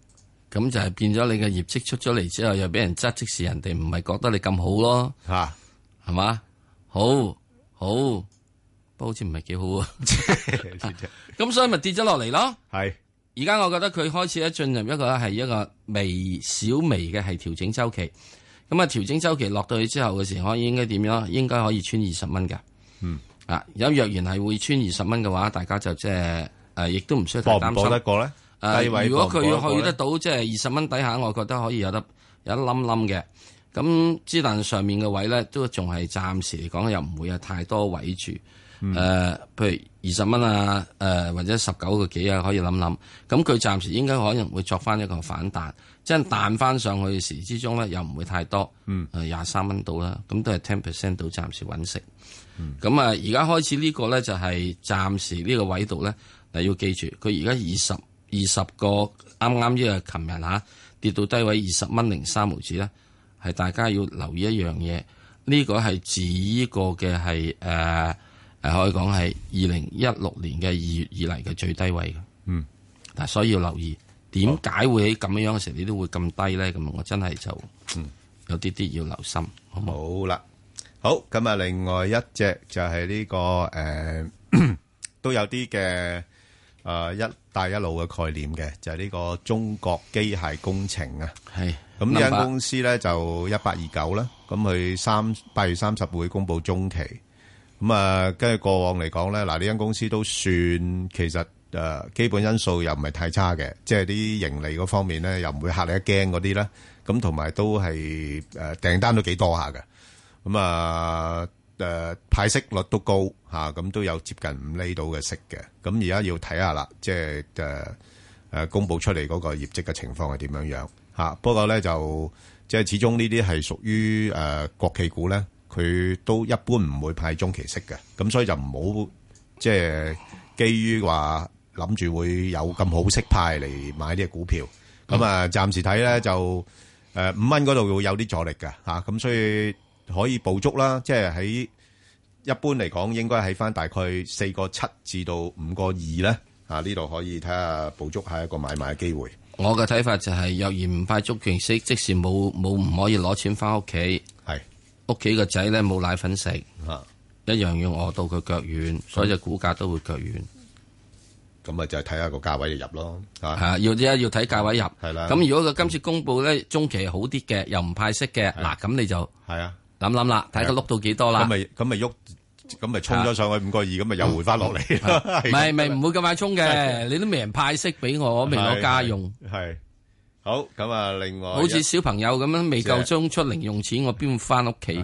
咁就係變咗你嘅業績出咗嚟之後，又俾人質，即係人哋唔係覺得你咁好咯，嚇係嘛？好好，不過好似唔係幾好喎。咁 所以咪跌咗落嚟咯。係是，而家我覺得佢開始咧進入一個係一個微小微嘅係調整週期。咁、嗯、啊、嗯、調整週期落到去之後嘅時，可以應該點樣？應該可以穿二十蚊嘅。嗯。啊，有若然係會穿二十蚊嘅話，大家就即係誒，亦、呃、都唔需要太擔心。博唔博得過咧？啊、如果佢要去得到即係二十蚊底下，我覺得可以有得有得諗諗嘅。咁之但上面嘅位咧，都仲係暫時嚟講又唔會有太多位住。誒、嗯呃，譬如二十蚊啊，誒、呃、或者十九個幾啊，可以諗諗。咁佢暫時應該可能會作翻一個反彈，即係、嗯、彈翻上去時之中咧，又唔會太多。嗯。廿三蚊到啦，咁都係 ten percent 到，暫時揾食。咁、嗯、啊，而家開始個呢個咧就係、是、暫時呢個位度咧，要記住佢而家二十。二十個啱啱呢個琴日嚇跌到低位二十蚊零三毫紙咧，係大家要留意一樣嘢。呢、這個係自依個嘅係誒誒可以講係二零一六年嘅二月以嚟嘅最低位嘅。嗯，嗱，所以要留意點解會喺咁樣嘅時候、哦、你都會咁低咧？咁我真係就、嗯、有啲啲要留心，好唔好啦。好咁啊，另外一隻就係呢、這個誒、呃、 都有啲嘅。誒，一帶一路嘅概念嘅，就係呢個中國機械工程啊。係，咁呢間公司咧就一八二九啦。咁佢三八月三十會公布中期。咁啊，跟住過往嚟講咧，嗱呢間公司都算其實誒基本因素又唔係太差嘅，即係啲盈利嗰方面咧又唔會吓你一驚嗰啲啦。咁同埋都係誒訂單都幾多下嘅。咁啊。誒派息率都高嚇，咁都有接近五厘到嘅息嘅。咁而家要睇下啦，即係誒誒公佈出嚟嗰個業績嘅情況係點樣樣嚇。不過咧就即係始終呢啲係屬於誒國企股咧，佢都一般唔會派中期息嘅。咁所以就唔好即係基於話諗住會有咁好息派嚟買呢啲股票。咁啊暫時睇咧就誒五蚊嗰度會有啲阻力嘅嚇。咁所以。可以捕捉啦，即係喺一般嚟講，應該喺返大概四個七至到五個二咧。啊，呢度可以睇下捕捉一下一個買賣嘅機會。我嘅睇法就係、是，若然唔派足權息，即使冇冇唔可以攞錢返屋企，係屋企個仔咧冇奶粉食，啊、嗯、一樣要餓到佢腳軟，s 所以就股價都會腳軟。咁啊、嗯，就係睇下個價位就入咯。啊，要啲啊，要睇價位入。係啦，咁如果佢今次公布咧中期好啲嘅，又唔派息嘅，嗱咁你就係啊。諗諗啦，睇下碌到幾多啦。咁咪咁咪喐，咁咪衝咗上去五個二，咁咪又回翻落嚟。唔係唔係唔會咁快衝嘅，的你都未人派息俾我，未攞家用。係好，咁啊，另外好似小朋友咁樣，未夠鐘出零用錢，我邊會翻屋企？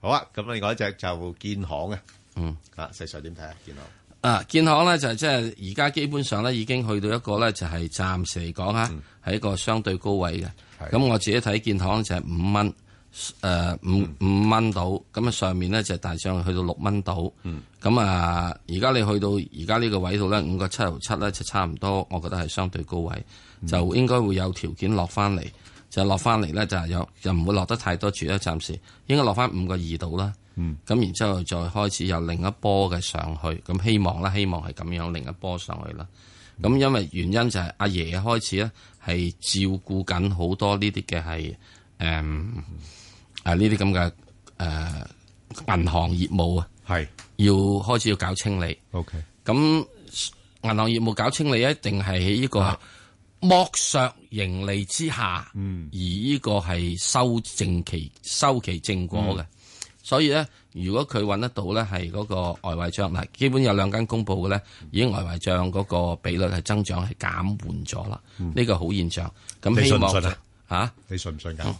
好啊，咁另外一隻就建行嘅。嗯啊，細細點睇啊？建行啊，建行咧就即係而家基本上咧已經去到一個咧就係暫時嚟講啊，係、嗯、一個相對高位嘅。咁的我自己睇建行就係五蚊。誒五五蚊到，咁啊、呃、上面咧就係、大上去到六蚊到，咁、嗯、啊而家你去到而家呢個位度咧，五個七毫七咧就差唔多，我覺得係相對高位，嗯、就應該會有條件落翻嚟，就落翻嚟咧就係有，又唔會落得太多住啦，暫時應該落翻五個二度啦，咁、嗯、然之後再開始有另一波嘅上去，咁希望啦，希望係咁樣另一波上去啦，咁因為原因就係阿爺開始咧係照顧緊好多呢啲嘅係誒。嗯啊！呢啲咁嘅誒，銀行業務啊，係是要開始要搞清理。O K，咁銀行業務搞清理一定係喺呢個剝削盈利之下，嗯、而呢個係修正期收其正果嘅。嗯、所以咧，如果佢搵得到咧，係嗰個外圍賬，嗱，基本有兩間公布嘅咧，已經外圍賬嗰個比率係增長係減緩咗啦，呢、嗯、個好現象。咁希望你信唔信啊，你信唔信噶？嗯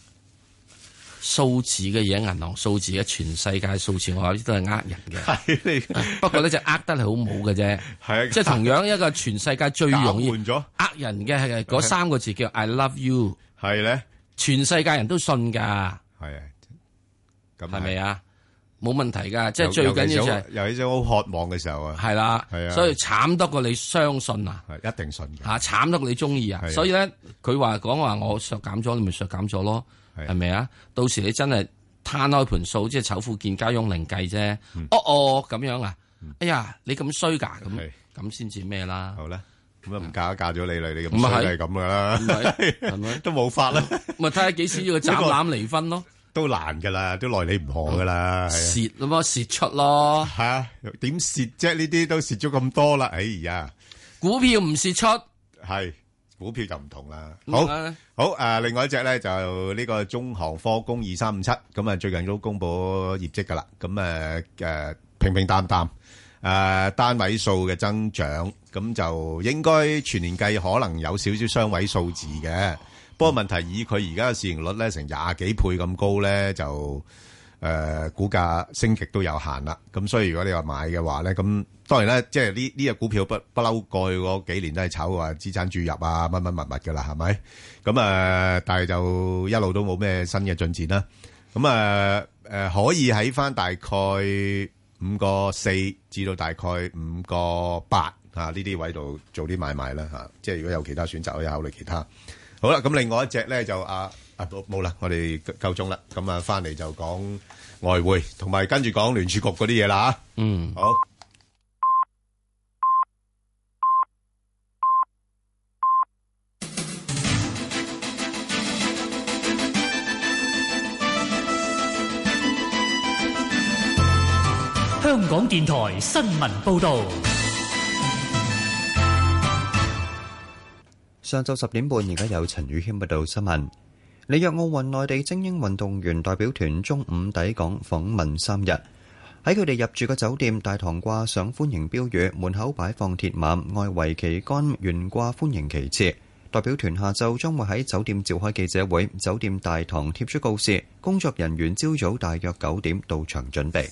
數字嘅嘢，銀行數字嘅全世界數字，我話呢都係呃人嘅。 不過咧就呃得係好冇嘅啫。係 即係同樣一個全世界最容易呃人嘅係嗰三個字叫 I love you 的。係咧，全世界人都信噶。係啊，咁係咪啊？冇問題噶，即係最緊要就係有呢種好渴望嘅時候啊。係啦的，係啊，所以慘得過你相信，相信啊。係一定信嘅吓，慘得過你中意啊。的所以咧，佢話講話我削減咗，你咪削減咗咯。係咪啊？到時你真係攤開盤數，即係醜婦見家翁，另計啫。哦哦，咁樣啊？哎呀，你咁衰噶？咁咁先至咩啦？好啦，咁又唔嫁嫁咗你啦？你咁唔係咁噶啦？係咪都冇法啦？咪睇下幾時要斬纜離婚咯？都難噶啦，都耐你唔可噶啦。蝕咯啊，蝕出咯啊，點蝕啫？呢啲都蝕咗咁多啦。哎呀，股票唔蝕出係。股票就唔同啦，好、嗯、好誒、呃，另外一隻咧就呢個中航科工二三五七，咁啊最近都公布業績噶啦，咁誒誒平平淡淡誒、呃、單位數嘅增長，咁、嗯、就應該全年計可能有少少雙位數字嘅，不過問題以佢而家嘅市盈率咧成廿幾倍咁高咧，就誒、呃、股價升極都有限啦，咁、嗯、所以如果你話買嘅話咧，咁、嗯。當然啦，即係呢呢隻股票不不嬲過去嗰幾年都係炒話資產注入啊，乜乜物物噶啦，係咪咁啊？但係就一路都冇咩新嘅進展啦。咁啊，誒，可以喺翻大概五個四至到大概五個八啊呢啲位度做啲買賣啦嚇、啊。即係如果有其他選擇，可以考慮其他。好啦，咁另外一隻咧就啊，都冇啦，我哋夠鐘啦。咁啊，翻嚟就講外匯，同埋跟住講聯儲局嗰啲嘢啦嚇。嗯，好。港電台新聞報道：上晝十點半，而家有陳宇謙報道新聞。里約奧運內地精英運動員代表團中午抵港訪問三日，喺佢哋入住嘅酒店大堂掛上歡迎標語，門口擺放鐵馬，外圍旗杆懸掛歡迎旗幟。代表團下晝將會喺酒店召開記者會，酒店大堂貼出告示，工作人員朝早大約九點到場準備。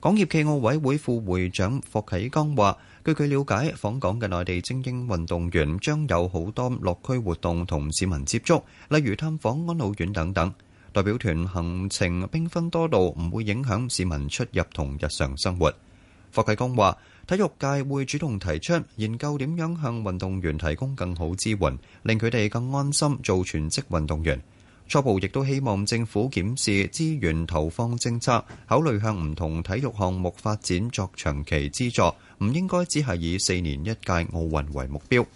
港協暨奧委會副會長霍啟剛話：據佢瞭解，訪港嘅內地精英運動員將有好多落區活動同市民接觸，例如探訪安老院等等。代表團行程兵分多路，唔會影響市民出入同日常生活。霍啟剛話：體育界會主動提出研究點樣向運動員提供更好支援，令佢哋更安心做全職運動員。初步亦都希望政府檢視資源投放政策，考慮向唔同體育項目發展作長期資助，唔應該只係以四年一屆奧運為目標。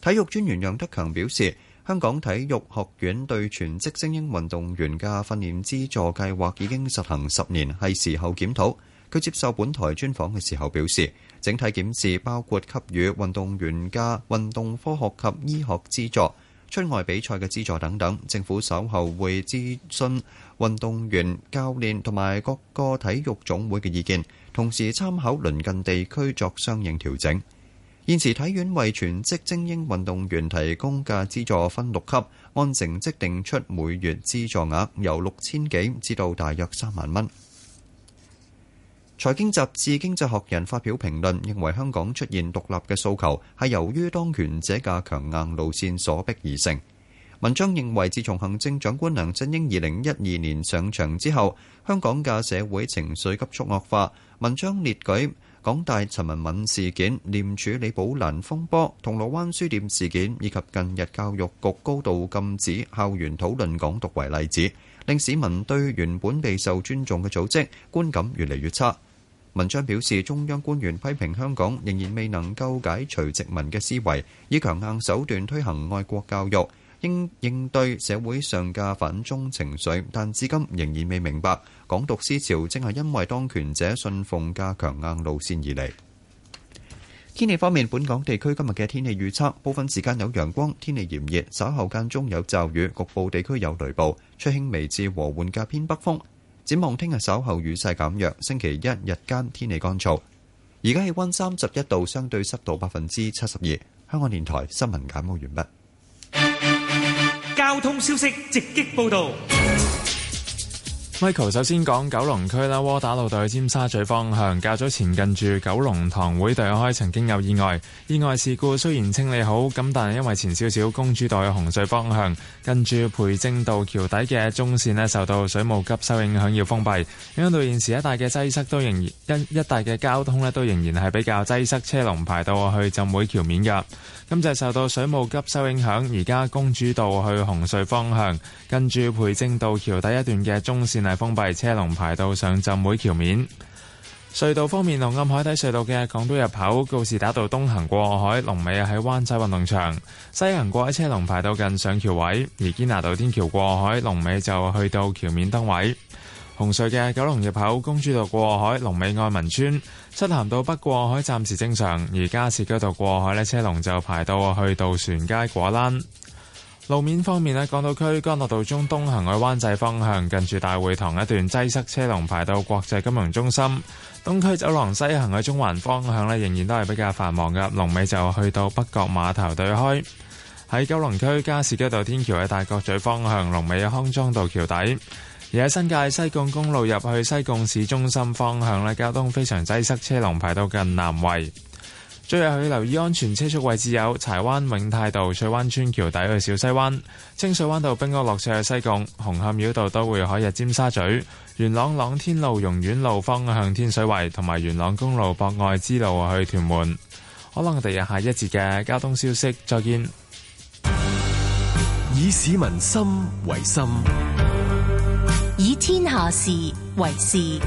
體育專員楊德強表示，香港體育學院對全職精英運動員嘅訓練資助計劃已經實行十年，係時候檢討。佢接受本台專訪嘅時候表示，整體檢視包括給予運動員嘅運動科學及醫學資助。出外比賽嘅資助等等，政府稍後會諮詢運動員、教練同埋各個體育總會嘅意見，同時參考鄰近地區作相應調整。現時體院為全職精英運動員提供嘅資助分六級，按成績定出每月資助額，由六千幾至到大約三萬蚊。財經雜誌《經濟學人》發表評論，認為香港出現獨立嘅訴求係由於當權者嘅強硬路線所逼而成。文章認為，自從行政長官梁振英二零一二年上場之後，香港嘅社會情緒急速惡化。文章列舉港大陳文敏事件、廉署李寶蘭風波、銅鑼灣書店事件以及近日教育局高度禁止校園討論港獨為例子，令市民對原本備受尊重嘅組織觀感越嚟越差。文章表示，中央官員批評香港仍然未能夠解除殖民嘅思維，以強硬手段推行愛國教育，應應對社會上嘅反中情緒，但至今仍然未明白港獨思潮正係因為當權者信奉加強硬路線而嚟。天氣方面，本港地區今日嘅天氣預測，部分時間有陽光，天氣炎熱，稍後間中有驟雨，局部地區有雷暴，吹輕微至和緩嘅偏北風。展望聽日稍後雨勢減弱，星期一日間天氣乾燥。而家氣温三十一度，相對濕度百分之七十二。香港電台新聞簡報完畢。交通消息直擊報導。Michael 首先講九龍區啦，窩打老道對尖沙咀方向，較早前近住九龍塘會對開曾經有意外，意外事故雖然清理好，咁但係因為前少少公主道去紅隧方向，跟住培正道橋底嘅中綫咧受到水務急修影響要封閉，影響到現時一帶嘅擠塞都仍然一一帶嘅交通咧都仍然係比較擠塞，車龍排到去浸會橋面噶，咁就受到水務急修影響，而家公主道去紅隧方向，跟住培正道橋底一段嘅中綫。封閉車龍排到上浸會橋面。隧道方面，紅磡海底隧道嘅港島入口告士打道東行過海，龍尾喺灣仔運動場；西行過海，車龍排到近上橋位。而堅拿道天橋過海，龍尾就去到橋面燈位。紅隧嘅九龍入口公主道過海，龍尾愛民村；漆咸道北過海暫時正常。而加士居道過海呢車龍就排到去到渡船街果欄。路面方面呢港島區干諾道中東行去灣仔方向，近住大會堂一段擠塞車龍排到國際金融中心；東區走廊西行去中環方向呢仍然都係比較繁忙嘅，龍尾就去到北角碼頭對開。喺九龍區加士居道天橋去大角咀方向，龍尾康莊道橋底。而喺新界西貢公路入去西貢市中心方向呢交通非常擠塞，車龍排到近南圍。最後要留意安全車速位置，有柴灣永泰道、翠灣村橋底去小西灣、清水灣道、冰哥落斜去西貢、紅磡繞道都會海日尖沙咀、元朗朗天路、榕苑路方向天水圍同埋元朗公路博愛支路去屯門。可能我哋日下一節嘅交通消息再見。以市民心為心，以天下事為事。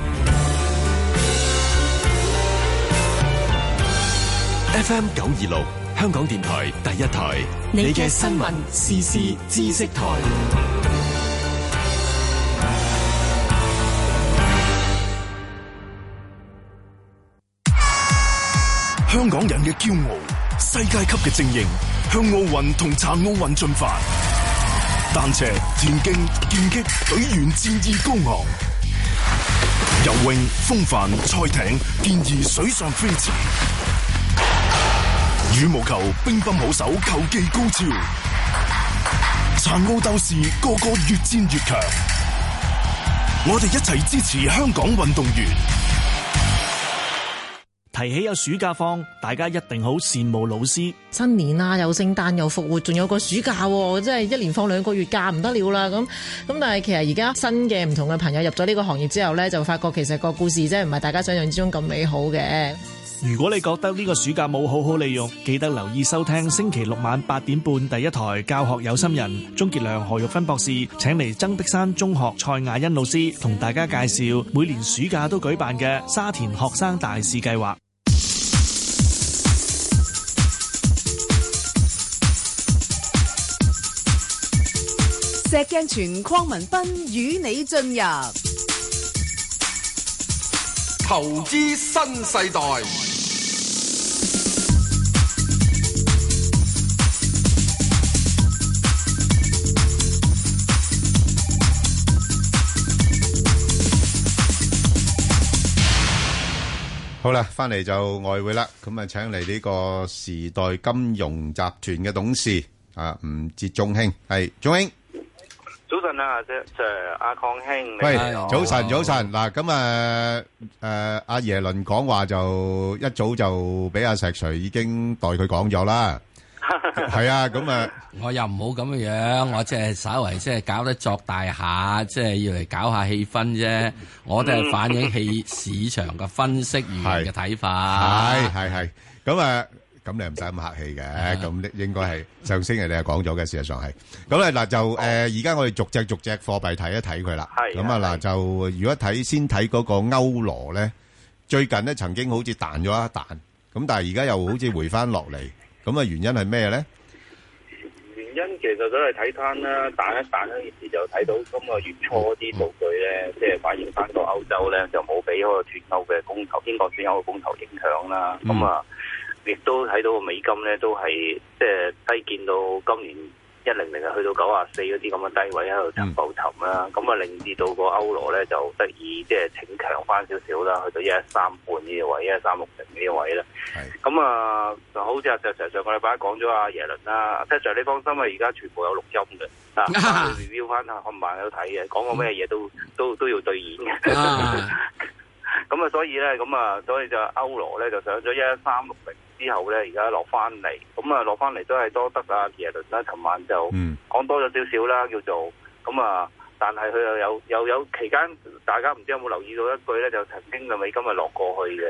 FM 九二六，香港電台第一台，你嘅新聞時事知識台。香港人嘅驕傲，世界級嘅精英，向奧運同殘奧運進發。單車、田徑、劍擊，隊員戰意高昂；游泳、風帆、賽艇，健兒水上飛馳。羽毛球、乒乓好手，球技高超；殘奧鬥士，個個越戰越強。我哋一齊支持香港運動員。提起有暑假放，大家一定好羨慕老師。新年啊，有聖誕，又復活，仲有個暑假，真係一年放兩個月假，唔得了啦！咁，咁，但係其實而家新嘅唔同嘅朋友入咗呢個行業之後咧，就發覺其實個故事真係唔係大家想象之中咁美好嘅。如果你覺得呢個暑假冇好好利用，記得留意收聽星期六晚八點半第一台教學有心人，鍾傑良、何玉芬博士請嚟曾璧山中學蔡雅欣老師同大家介紹每年暑假都舉辦嘅沙田學生大使計劃。石鏡泉、鄺民彬與你進入投資新世代。好啦，翻嚟，就外匯啦，咁啊，請嚟呢個時代金融集團嘅董事啊，吳哲仲兄係仲兄，早晨啊，阿姐，阿阿鄺兄，喂，早晨，早晨，嗱，咁啊，誒，阿耶倫講話就一早就俾阿石 sir 已經代佢講咗啦。係啊，咁啊，我又唔好咁嘅樣，我即係稍為即係搞得作大下，即係要嚟搞下氣氛啫。我都係反映市市場嘅分析員嘅睇法，係係係咁啊，咁你唔使咁客氣嘅，咁應該係上星期你係講咗嘅，事實上係咁咧嗱，就誒而家我哋逐隻逐隻貨幣睇一睇佢啦。係咁啊嗱，就如果睇先睇嗰個歐羅咧，最近咧曾經好似彈咗一彈，咁但係而家又好似回翻落嚟。咁嘅原因係咩咧？原因其實都係睇攤啦，但一但咧，於是就睇到今個月初啲數據咧，即係反映翻個歐洲咧就冇俾嗰個斷歐嘅公投、英國斷歐嘅公投影響啦。咁 啊，亦都睇到個美金咧都係即係低見到今年， 一零零啊，嗯、去到九啊四嗰啲咁嘅低位喺度浮浮沉啦，咁啊令至到個歐羅咧就得意，即係呈強翻少少啦，去到一三半呢個位，一三六零呢個位啦。咁是啊，就好似阿 Sir 上個禮拜講咗阿耶倫啦，阿、啊、Sir 你放心啊，而家全部有錄音嘅，啊，翻去 review 翻，唔慢有睇嘅，講過咩嘢都都都要兌現嘅。咁啊，所以咧，咁啊，所以就歐羅咧就上咗一三六零。之後咧，而家落翻嚟，咁啊落翻嚟都係多得啊耶倫啦。琴晚就講多咗少少啦，叫做咁啊、嗯。但係佢又有又有，有，有期間，大家唔知有冇留意到一句咧，就曾經嘅美金係落過去嘅。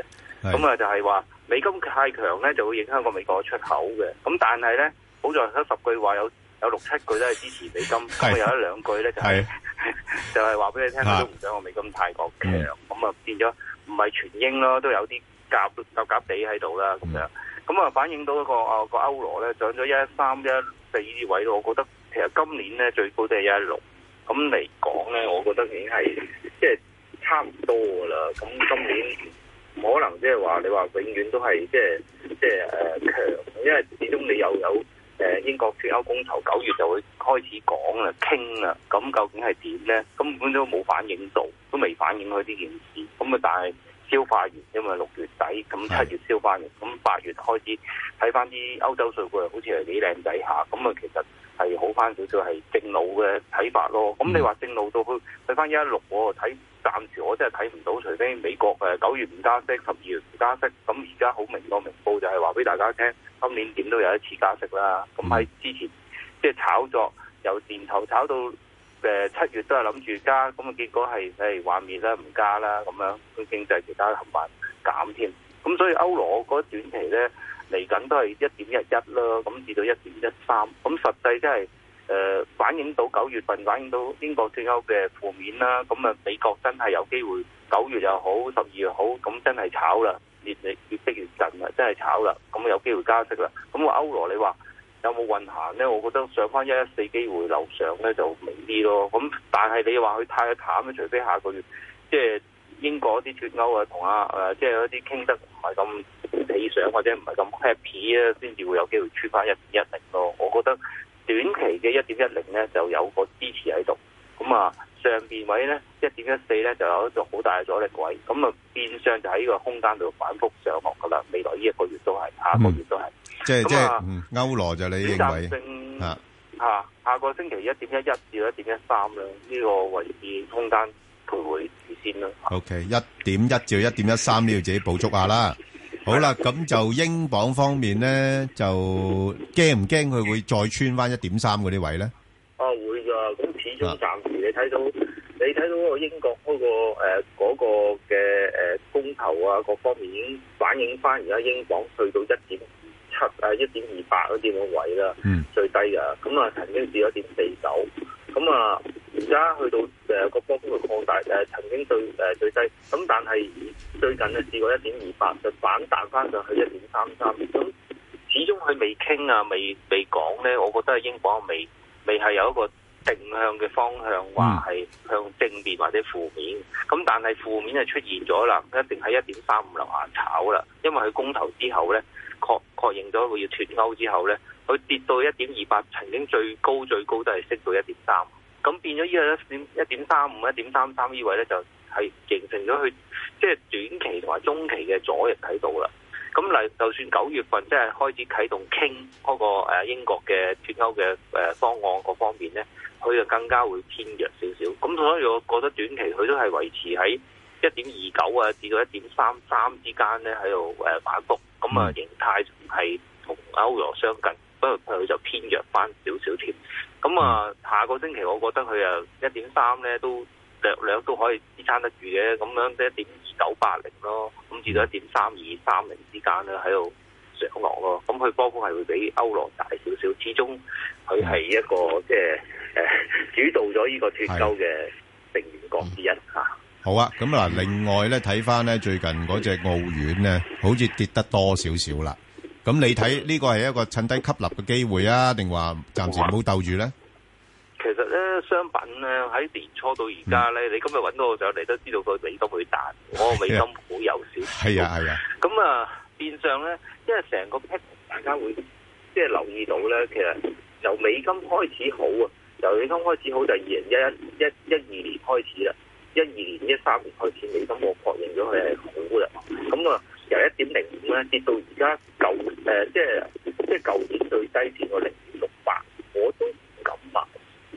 咁啊是、嗯，就係、是、話美金太強咧，就會影響個美國出口嘅。咁、嗯、但係咧，好在得十句話有有六七句都係支持美金，咁啊是有一兩是句咧就係、是、是 就係話俾你聽，佢都唔想我美金太過強。咁啊、嗯嗯、變咗唔係全英咯，都有啲。夾夾夾地喺度啦，咁樣，咁啊反映到一、嗰個啊、嗰個歐羅咧，上咗一三一四呢位。我覺得其實今年咧最高都係一六，咁嚟講咧，我覺得已經係即係差唔多噶啦。咁今年可能即係話你話永遠都係即係即係誒強，因為始終你又有誒、呃、英國脫歐公投九月就會開始講啦、傾啦，咁究竟係點咧？根本都冇反映到，都未反映佢呢件事。咁啊，但係。消化完，因為六月底咁七月消化完，咁八的月開始睇翻啲歐洲數據，好似係幾靚仔下，咁啊其實係好翻少少係正路嘅睇法咯。咁、嗯、你話正路到去睇翻一六，睇暫時我真係睇唔到，除非美國誒九月唔加息，十二月唔加息。咁而家好明確，明報就係話俾大家聽，今年點都有一次加息啦。咁喺之前即係、就是、炒作由年頭炒到。嘅七月都係諗住加，咁啊結果係誒幻滅啦，唔加啦，咁樣佢經濟其他冚唪唥減添，咁所以歐羅嗰短期咧嚟緊都係一點一一啦，咁至到一點一三，咁實際即係誒反映到九月份，反映到英國脱歐嘅負面啦，咁啊美國真係有機會九月又好，十二月好，咁真係炒啦，越嚟越逼越震啦，真係炒啦，咁有機會加息啦，咁話歐羅你話？有冇運行咧？我覺得上翻一一四機會樓上咧就未啲咯。咁但係你話佢太淡咧，除非下個月即係英國啲脫歐啊，同啊即係有啲傾得唔係咁理想或者唔係咁 happy 啊，先至會有機會出翻一點一零咯。我覺得短期嘅一點一零咧就有個支持喺度。咁啊。上邊位咧一點一四咧就有一個好大嘅阻力位，咁啊變相就喺呢個空間度反覆上落噶啦。未來呢一個月都係，下個月都係，嗯。即係即係歐羅就你認為靜啊？嚇，下個星期一點一一至一點一三咧，呢、呢個位置空間佢會，會先啦，啊。O K，一點一至一點一三呢要自己補足下啦。好啦，咁 就英鎊方面咧，就驚唔驚佢會再穿翻一點三嗰啲位咧？哦、啊，會㗎。咁始終暫時你睇到。 你睇到嗰個英國嗰、嗰個誒嘅誒公投啊，各方面已經反映翻而家英鎊去到一點二七啊，一點二八嗰啲嘅位啦，最低噶。咁啊曾經跌咗一點四九，咁啊而家去到誒個波幅擴大誒，曾經對誒、呃、最低，咁但係最近咧試過一點二八就反彈翻上去一點三三，咁始終佢未傾啊，未未講咧，我覺得英鎊未未係有一個。定向嘅方向話係向正面或者負面，咁但係負面就出現咗啦，一定喺一點三五樓下炒啦，因為佢公投之後呢，確確認咗佢要脫歐之後呢，佢跌到一點二八，曾經最高最高都係升到一點三，咁變咗呢個一點一點三五、一點三三呢位呢，就係形成咗佢即係短期同埋中期嘅阻力喺度啦。咁嚟就算九月份即係開始啟動傾嗰個英國嘅脫歐嘅誒方案嗰方面呢。佢就更加會偏弱少少，咁、嗯、所以我覺得短期佢都係維持喺一點二九啊至到一點三三之間咧喺度誒反覆，咁啊、嗯嗯、形態唔係同歐羅相近，不過佢就偏弱翻少少添。咁、嗯、啊、嗯嗯、下個星期我覺得佢啊一點三咧都略略都可以支撐得住嘅，咁樣即一點二九八零咯，咁、嗯、至到一點三二三零之間咧喺度上落咯，咁佢波幅係會比歐羅大少少，始終佢係一個即係。嗯嗯誒，主導咗呢個脫鈎嘅成員國之一吓。好啊，咁啊，另外咧睇翻咧最近嗰隻澳元咧，好似跌得多少少啦。咁你睇呢個係一個趁低吸納嘅機會啊，定話暫時唔好鬥住咧？其實咧，商品咧喺年初到而家咧，你今日揾到我就嚟得，都知道個美金會彈，我美金好有少。係啊係啊。咁啊，變相咧，因為成個 pack，大家會即係留意到咧，其實由美金開始好啊。1 由匯通開始好，就二零一一一、一二年開始啦，一二年、一三年開始，你都我確認咗佢係好啦。咁、嗯、啊，由一點零五咧跌到而家舊誒，即係即係舊年最低跌到零點六八，6, 我都唔敢買，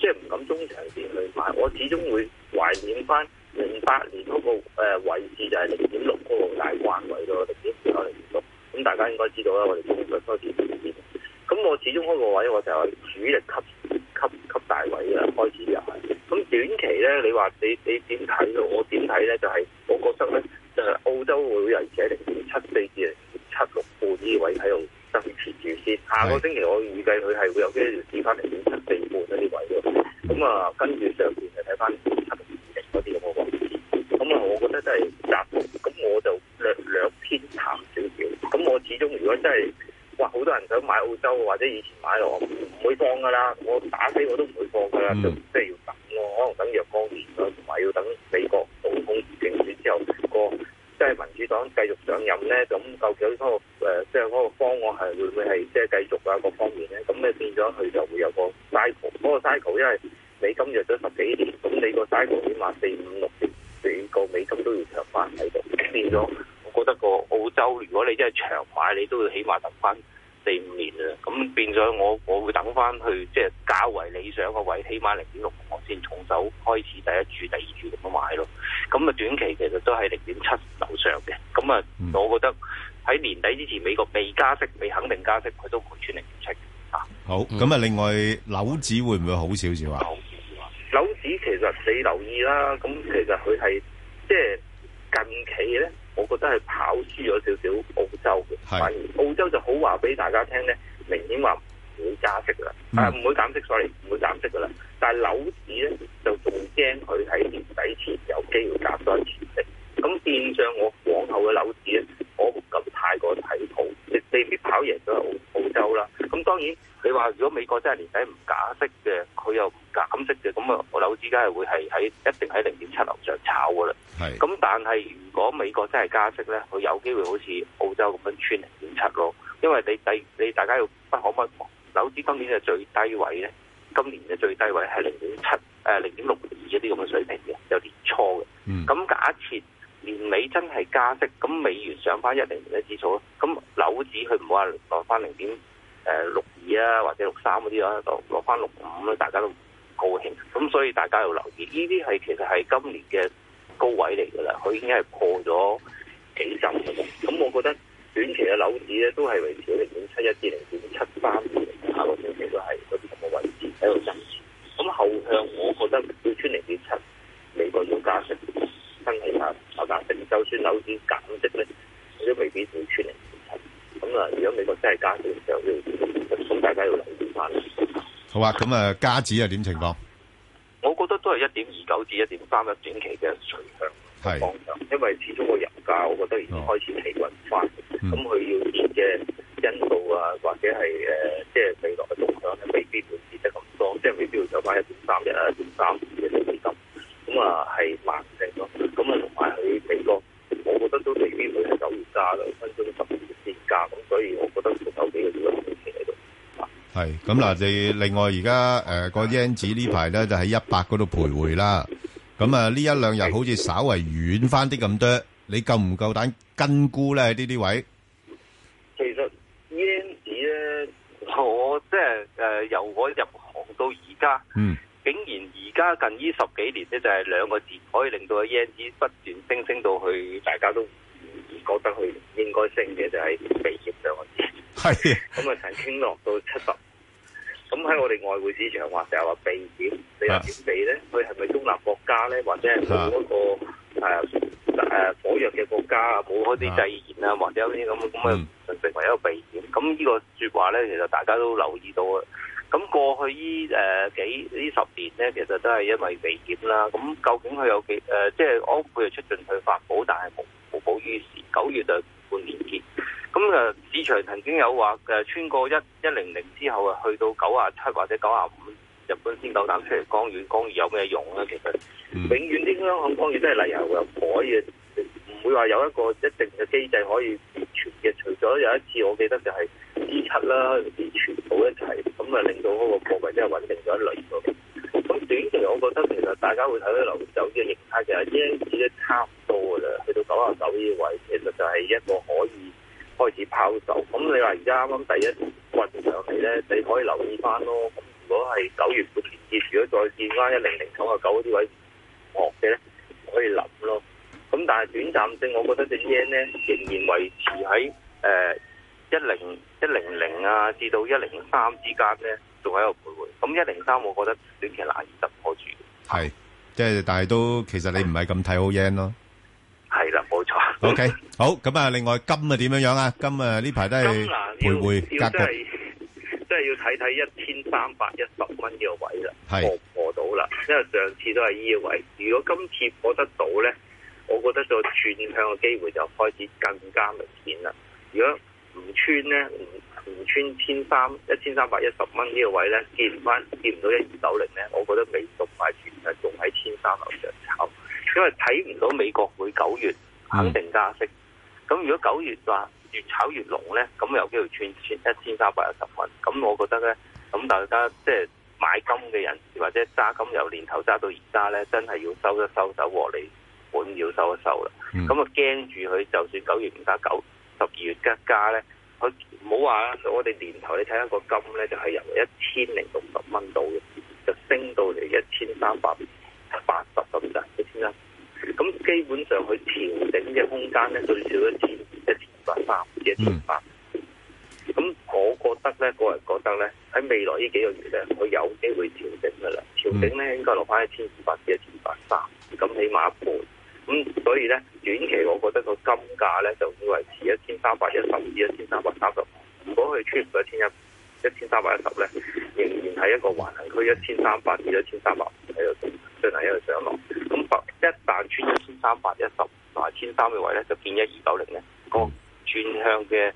即係唔敢中長線去買。我始終會懷念翻零八年嗰個誒位置，就係零點六個大關位個零點四零點六。咁大家應該知道啦，我哋最近開始咁我始終嗰個位，我就係主力吸吸吸大位啊，開始啊。咁短期咧，你話你你點睇？我點睇咧？就係、是、我覺得咧，就係、是、澳洲會有人喺零點七四至零點七六半呢位喺度爭持住先。下個星期我預計佢係會有啲跌翻零點七四半呢啲位咯。咁啊，跟住上邊就睇翻零點七零嗰啲咁嘅位置。咁啊，我覺得真係窄幅。咁我就略略偏淡少少。咁我始終如果真係哇！好多人想買澳洲或者以前買落，唔會放㗎喇。我打死我都唔會放㗎喇，嗯、就即係要等咯、啊。可能等若干年啦，同埋要等美國總統選選之後過，即係民主黨繼續上任咧。咁究竟嗰、嗰個、呃、即係嗰個方案係會唔會係即係繼續啊？各、嗰個、方面咧，咁你變咗佢就會有個 cycle。嗰個 cycle 因為美金弱咗十幾年，咁你個 cycle 起碼四五六,六年，個美金都要長返喺度，變咗。覺得個澳洲，如果你真係長買，你都要起碼等翻四五年啦。咁變咗，我我會等翻去即係較為理想嘅位，起碼零點六我先重手開始第一注、第二注咁樣買咯。咁啊，短期其實都係零點七樓上嘅。咁啊，我覺得喺年底之前，美國未加息，未肯定加息，佢都唔穿零點七啊。好，咁啊、嗯，另外樓指會唔會好少少啊？樓指其實你留意啦，咁其實佢係即係近期咧。我覺得係跑輸咗少少澳洲嘅，反而澳洲就好話俾大家聽咧，明顯話唔會加息㗎啦，唔、嗯啊、會減息，所以唔會減息㗎啦。但係樓市咧就仲驚佢喺年底前有機會減咗一次息，咁變相我往後嘅樓市咧。我唔敢太過睇好，你未必跑贏咗澳澳洲啦。咁當然，你話如果美國真係年底唔加息嘅，佢又唔減息嘅，咁啊樓市應該係會係喺一定喺零點七樓上炒噶啦。係是。咁但係如果美國真係加息咧，佢有機會好似澳洲咁樣穿零點七咯。因為你第你大家要不可不可樓市今年嘅最低位咧，今年嘅最低位係零點七誒零點六二一啲咁嘅水平嘅，有年初嘅。嗯。咁假設。年尾真係加息，咁美元上翻一零零嘅指數，咁樓指佢唔好話落翻零點誒六二啊，或者六三嗰啲咯，落落翻六五咧，大家都唔高興。咁所以大家要留意，呢啲係其實係今年嘅高位嚟噶啦，佢已經係破咗幾十。咁我覺得短期嘅樓指咧都係維持零點七一至零點七三，下個星期都係嗰啲咁嘅位置喺度振。咁後向我覺得要穿零點七，美國要加息。真係啊，就算樓市減值咧，亦都未必會全零回騰。咁啊，如果美國真係加息，就要咁大家要留意翻。好啊，咁啊，加指又點情況？我覺得都係一點二九至一點三一短期嘅趨向方向，是因為始終個油價，我覺得已經開始企穩翻。咁佢、哦嗯、要跌嘅因素啊，或者係誒、呃，即係美國嘅動向咧，未必會跌得咁多，即係未必會走翻一點三一、一點三二嘅水平。咁啊，係慢升咯。咁啊，同埋喺美國，我覺得都未必會九月揸咯，分鐘十二線價咁，所以我覺得冇幾多嘢喺度。係，咁嗱，你另外而家誒個 Yen 紙呢排咧就喺一百嗰度徘徊啦。咁啊，呢一兩日好似稍為軟翻啲咁多，你夠唔夠膽跟沽咧呢啲位？其實 Yen 紙咧，我即係誒由我入行到而家，嗯。竟然而家近呢十幾年呢，就係、是、兩個字可以令到個 Yen 子不斷升，升到去，大家都唔覺得佢應該升嘅就係、是、避險兩個字。係，咁 啊、嗯， 嗯、曾經落到七十。咁喺我哋外匯市場話，成日話避險，你又點避咧？佢係咪中立國家咧？或者係冇一個誒誒、嗯啊、火藥嘅國家啊，冇嗰啲制裁啊，或者有啲咁咁嘅，純粹為一個避險。咁呢個説話咧，其實大家都留意到啊。咁過去依誒幾呢十年咧，其實都係因為避險啦。咁究竟佢有幾誒、呃？即係安倍又出盡佢法寶，但係無無補於事。九月就半年結。咁誒市場曾經有話誒，穿過一一零零之後啊，去到九啊七或者九啊五，日本先夠膽出嚟。江遠江遠有咩用咧？其實永遠啲香港江遠都係嚟由改嘅。唔會話有一個一定嘅機制可以截存嘅，除咗有一次我記得就係 G7 啦，截存到一齊，咁啊令到嗰個貨幣咧穩定咗一輪咗。咁短期我覺得其實大家會睇到樓走嘅形態，其實已經差唔多噶啦。去到九啊九呢位，其實就係一個可以開始拋售。咁你話而家啱啱第一軍上嚟咧，你可以留意翻咯。如果係九月半年結，如果再見翻一零零九啊九啲位落嘅咧，哦、可以諗咯。咁但係短暫性，我覺得隻 yen 咧仍然維持喺誒一零一零零啊，至到一零三之間咧，仲喺度徘徊。咁一零三，我覺得短期難以突破住。係，即係但係都其實你唔係咁睇好 yen 咯。係啦、嗯，冇錯。OK，好。咁啊，另外金啊點樣樣啊？金啊呢排都係徘徊格局，係真係要睇睇一千三百一十蚊呢個位啦，破唔破到啦？因為上次都係呢個位，如果今次破得到咧。我覺得再穿向嘅機會就開始更加明顯啦。如果唔穿咧，唔唔穿千三一千三百一十蚊呢個位咧，見唔翻見唔到一二九零咧，我覺得未用埋錢，就仲喺千三樓上炒。因為睇唔到美國會九月肯定加息，咁如果九月話越炒越濃咧，咁有機會穿穿一千三百一十蚊。咁我覺得咧，咁大家即係買金嘅人士或者揸金由年頭揸到而家咧，真係要收一收手獲利。本、嗯、要收一收啦，咁啊驚住佢就算九月唔加九十二月加加咧，佢唔好話啦，我哋年頭你睇下個金咧就係由一千零六十蚊到嘅，就升到嚟一千三百八十四十幾，咁基本上佢調整嘅空間咧最少一千一千五百三至一千五百，咁、嗯、我覺得咧個人覺得咧喺未來呢幾個月咧，佢有機會調整噶啦，調整咧應該落翻一千二百至一千二百三，咁起碼一半。咁、嗯、所以咧，短期我覺得個金價咧就會維持一千三百一十至一千三百三十。如果佢穿唔到一千一一千三百一十咧，仍然喺一個橫行區，一千三百至一千三百喺度進行一個上落。咁一一旦穿一千三百一十同埋千三嘅位咧，就變咗二九零咧個、嗯、轉向嘅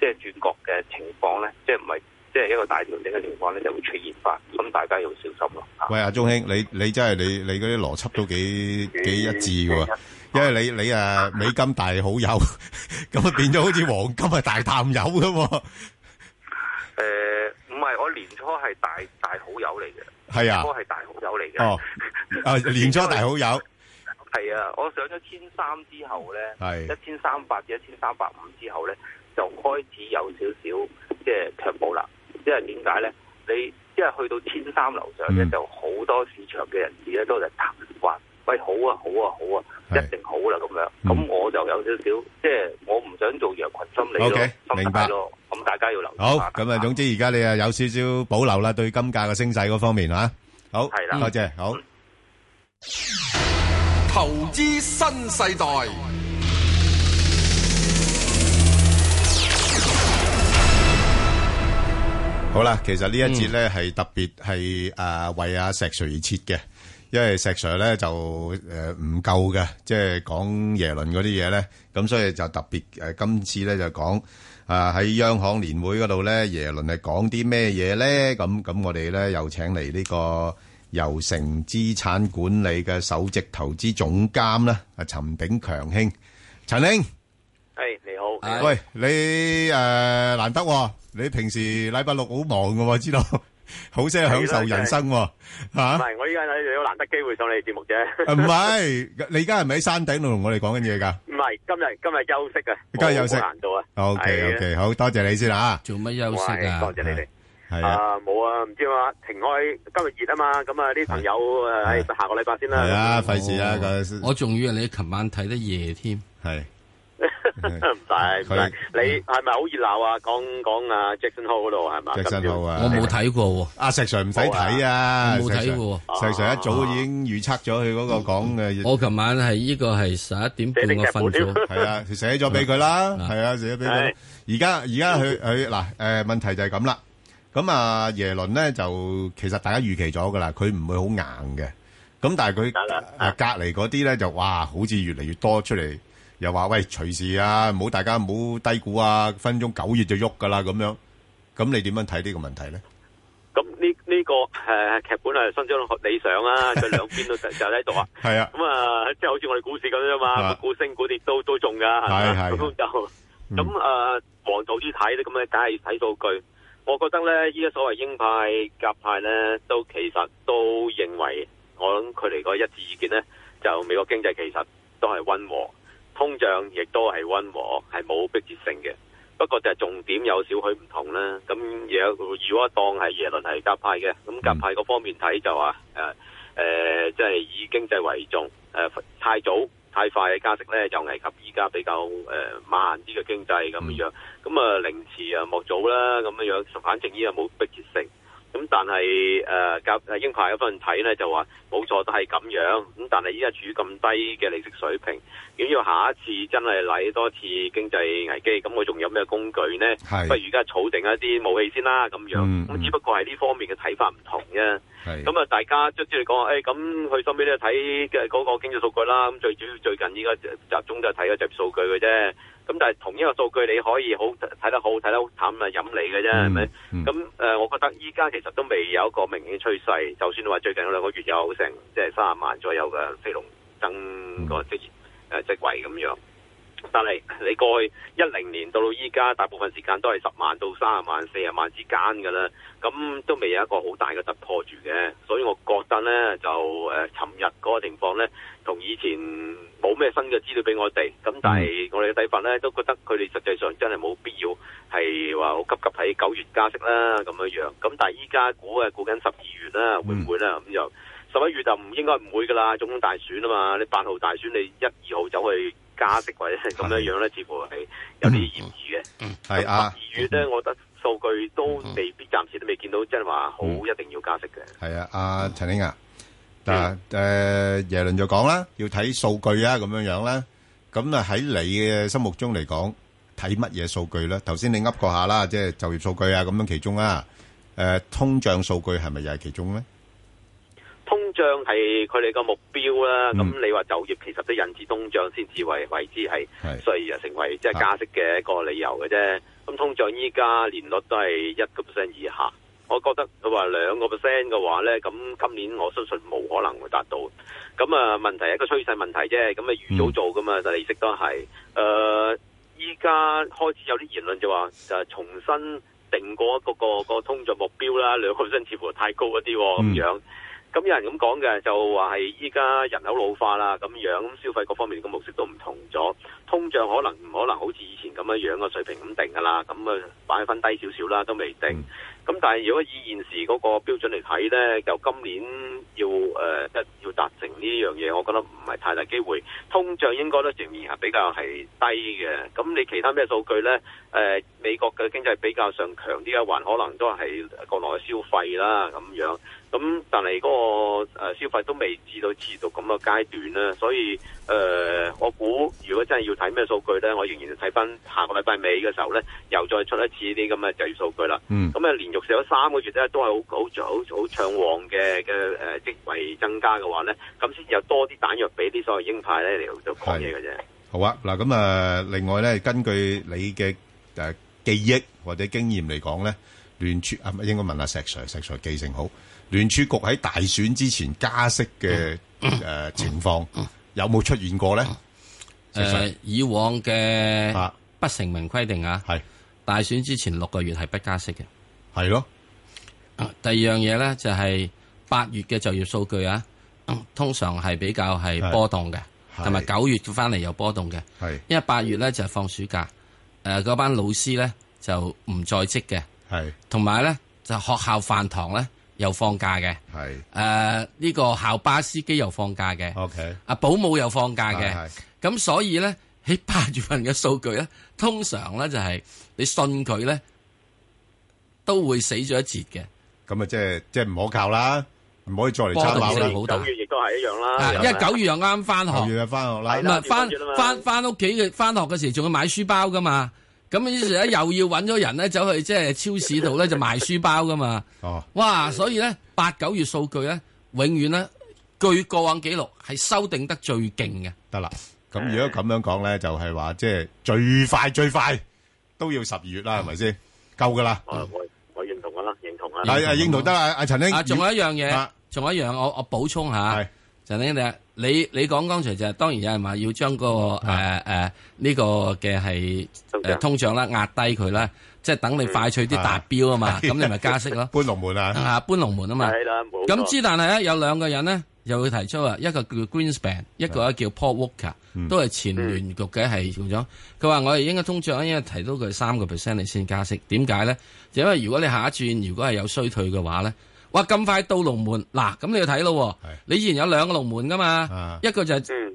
即係轉角嘅情況咧，即係唔係？即係一個大調整嘅情況咧，就會出現翻，咁大家要小心咯。喂，阿忠興，你你真係你你嗰啲邏輯都幾幾一致嘅，嗯、因為你你啊美金大好友，咁 變咗好似黃金係大淡友嘅。誒、呃，唔係，我年初係大大好友嚟嘅，係啊，年初係大好友嚟嘅。哦、啊，年初大好友係啊，我上咗千三之後咧，係一千三百至一千三百五之後咧，就開始有少少即係卻步啦。即係點解咧？你即係去到千三樓上咧，嗯、就好多市場嘅人士咧，都係談慣，喂，好啊，好啊，好啊，是一定好啦，咁樣。咁、嗯、我就有少少，即係我唔想做羊群心理 O Okay , K，明白咯。咁大家要留意。好，咁啊，總之而家你啊有少少保留啦，對金價嘅升勢嗰方面啊。好，唔該的，嗯、謝，謝好。嗯、投資新世代。好啦，其實呢一節咧係特別係誒為阿石 Sir 而設嘅，因為石 Sir 咧就誒唔夠嘅，即係講耶倫嗰啲嘢咧，咁所以就特別誒今次咧就講啊喺央行年會嗰度咧耶倫係講啲咩嘢咧？咁咁我哋咧又請嚟呢個游城資產管理嘅首席投資總監啦，阿陳炳強兄，陳兄，係你好，喂，你誒難得。你平時禮拜六好忙噶，知道？好識享受人生吓。唔係，我依家有難得機會上你哋節目啫。唔係，你而家係咪喺山頂度同我哋講緊嘢噶？唔係，今日今日休息啊。今日休息難度啊。OK OK，好多謝你先啦。做乜休息啊？多謝你哋。係啊，冇啊，唔知啊，停開。今日熱啊嘛，咁啊啲朋友誒，下個禮拜先啦。係啊，費事啦，我仲以為你琴晚睇得夜添。係。唔使佢，你係咪好熱鬧啊？講講阿 Jackson Hole 嗰度係嘛？Jackson Hole 啊，我冇睇過喎。阿石 Sir 唔使睇啊，我冇睇過。石 Sir 一早已經預測咗佢嗰個講嘅。我琴晚係呢個係十一點半嘅瞓咗，係啦，寫咗俾佢啦，係啊，寫咗俾佢。而家而家佢佢嗱誒，問題就係咁啦。咁啊，耶倫咧就其實大家預期咗噶啦，佢唔會好硬嘅。咁但係佢隔籬嗰啲咧就哇，好似越嚟越多出嚟。又話喂，隨時啊，唔好大家唔好低估啊，分鐘九月就喐噶啦，咁樣。咁你點樣睇呢個問題咧？咁呢呢個誒劇、呃、本係新張理想啊，佢兩邊都成 就喺度啊。係、呃、啊，咁啊，即係好似我哋股市咁樣嘛，股升股跌都都中噶，係嘛。咁就咁啊，王道啲睇咧，咁咧梗係睇數據。我覺得咧，依家所謂鷹派、鴿派咧，其都其實都認為，我諗佢哋個一致意見咧，就美，美國經濟其實都係温和。通脹亦都係溫和，係冇迫切性嘅。不過就係重點有少許唔同啦。咁如果當係耶倫係鴿派嘅，咁鴿派個方面睇就話、是，誒、呃、誒，即、呃、係、就是、以經濟為重。誒、呃、太早太快嘅加息咧，就危及依家比較誒、呃、慢啲嘅經濟咁樣。咁啊、嗯，寧遲啊莫早啦，咁樣。反正依家冇迫切性。咁但係誒，鴿鷹派嗰份人睇咧就話冇錯，都係咁樣。咁但係依家處於咁低嘅利息水平，如果要下一次真係嚟多次經濟危機，咁我仲有咩工具呢？是不如而家儲定一啲武器先啦。咁樣咁，嗯嗯、只不過係呢方面嘅睇法唔同啫。咁啊是、嗯，大家即係知你講誒，咁佢身邊咧睇嘅嗰個經濟數據啦。咁最主要最近依家集中就係睇嗰隻數據嘅啫。咁但係同一個數據你可以好睇得好睇得好，淡啊飲嚟嘅啫係咪？咁誒，我覺得依家其實都未有一個明顯趨勢，就算話最近有兩個月有成即係三十萬左右嘅非農增個職誒職位咁樣。但係你過去一零年到到依家，大部分時間都係十萬到三十萬、四十萬,萬之間嘅啦。咁都未有一個好大嘅突破住嘅，所以我覺得呢，就誒，尋日嗰個情況呢，同以前冇咩新嘅資料畀我哋。咁但係是我哋嘅睇法呢，都覺得佢哋實際上真係冇必要係話好急急睇九月加息啦咁樣樣。咁但係依家估啊估緊十二月啦，會唔會呢咁、嗯、就十一月就唔應該唔會噶啦。總統大選啊嘛，你八號大選，你一二號走去，加息或者係咁樣樣咧，似乎係有啲延遲嘅。咁十二月咧，我覺得數據都未必暫時都未見到，即係話好一定要加息嘅。係啊，阿陳玲啊，嗱，誒，耶倫就講啦，要睇數據啊，咁樣樣啦。咁啊喺你嘅心目中嚟講，睇乜嘢數據咧？頭先你噏過下啦，即係就業數據啊，咁樣其中啊，誒，通脹數據係咪又係其中咧？通脹係佢哋個目標啦，咁、嗯、你話就業其實都引致通脹先至為為之係，所以就成為即係、就是、加息嘅一個理由嘅啫。咁、啊、通脹依家年率都係一個 percent 以下，我覺得佢話兩個 percent 嘅話咧，咁今年我相信冇可能會達到。咁啊，問題係一個趨勢問題啫，咁啊預早做噶嘛，嗯、但利息都係。誒、呃，依家開始有啲言論就話，就是、重新定過一個個,個,個,個通脹目標啦，兩個 percent 似乎太高一啲喎，咁、嗯、樣。咁有人咁講嘅，就話係依家人口老化啦，咁樣消費各方面嘅模式都唔同咗，通脹可能唔可能好似以前咁樣樣嘅水平咁定㗎啦？咁啊擺翻低少少啦，都未定。咁但係如果以現時嗰個標準嚟睇呢，就今年要誒、呃、要達成呢樣嘢，我覺得唔係太大機會。通脹應該都仍然係比較係低嘅。咁你其他咩數據呢？誒、呃、美國嘅經濟比較上強啲嘅，還可能都係國內嘅消費啦咁樣。咁，但係嗰個消費都未至到持續咁嘅階段啦，所以誒、呃，我估如果真係要睇咩數據咧，我仍然睇翻下個禮拜尾嘅時候咧，又再出一次呢啲咁嘅就業數據啦。嗯，咁啊、嗯，連續寫咗三個月咧，都係好好好好暢旺嘅嘅誒職位增加嘅話咧，咁先至有多啲彈藥俾啲所謂鷹派咧嚟到講嘢嘅啫。好啊，嗱咁啊，另外咧，根據你嘅誒、啊、記憶或者經驗嚟講咧，聯儲啊，應該問下石 Sir，石 Sir 記性好。聯儲局喺大選之前加息嘅誒情況有冇出現過咧？誒、呃，以往嘅不成文規定啊，係大選之前六個月係不加息嘅，係咯的。第二樣嘢咧，就係八月嘅就業數據啊，通常係比較係波動嘅，同埋九月翻嚟又波動嘅，係的因為八月咧就係放暑假，誒嗰班老師咧就唔在職嘅，係同埋咧就學校飯堂咧。又放假嘅。係誒呢個校巴司機又放假嘅，OK，阿、啊、保姆又放假嘅，咁是所以咧喺八月份嘅數據咧，通常咧就係你信佢咧，都會死咗一截嘅。咁啊，即係即係唔可靠啦，唔可以再嚟抄到咁好睇。九月亦都係一樣啦，的因為九月又啱翻學，九月翻學啦，唔係翻翻翻屋企嘅翻學嘅時候，仲要買書包㗎嘛。咁於是咧又要揾咗人咧走去即係超市度咧就賣書包噶嘛。哦、哇！所以咧八九月數據咧永遠咧據過往記錄係修訂得最勁嘅。得啦，咁如果咁樣講咧，就係、是、話即係最快最快都要十二月啦，係咪先？夠噶啦。嗯、我我認同噶啦，認同啦，係係對認同得啦。阿陳兄，仲、啊啊、有一樣嘢，仲、啊、有一樣我我補充下，係陳兄你。你你講剛才就係當然有人話要將嗰、那個誒呢、啊啊這個嘅係誒通脹啦壓低佢啦，即係等你快脆啲達標啊嘛，咁、嗯、你咪加息咯。 搬龍門啊？啊搬龍門啊嘛。係啦。咁之但係咧有兩個人呢，又會提出話，一個叫 Greenspan，一個叫 Paul Walker，的都係前聯局嘅係長。佢話、嗯、我哋應該通脹咧應該提到佢三個 percent 你先加息。點解咧？就是、因為如果你下一次如果係有衰退嘅話咧。話咁快到龍門嗱，咁、啊、你要睇咯。的你以前有兩個龍門噶嘛，啊、一個就係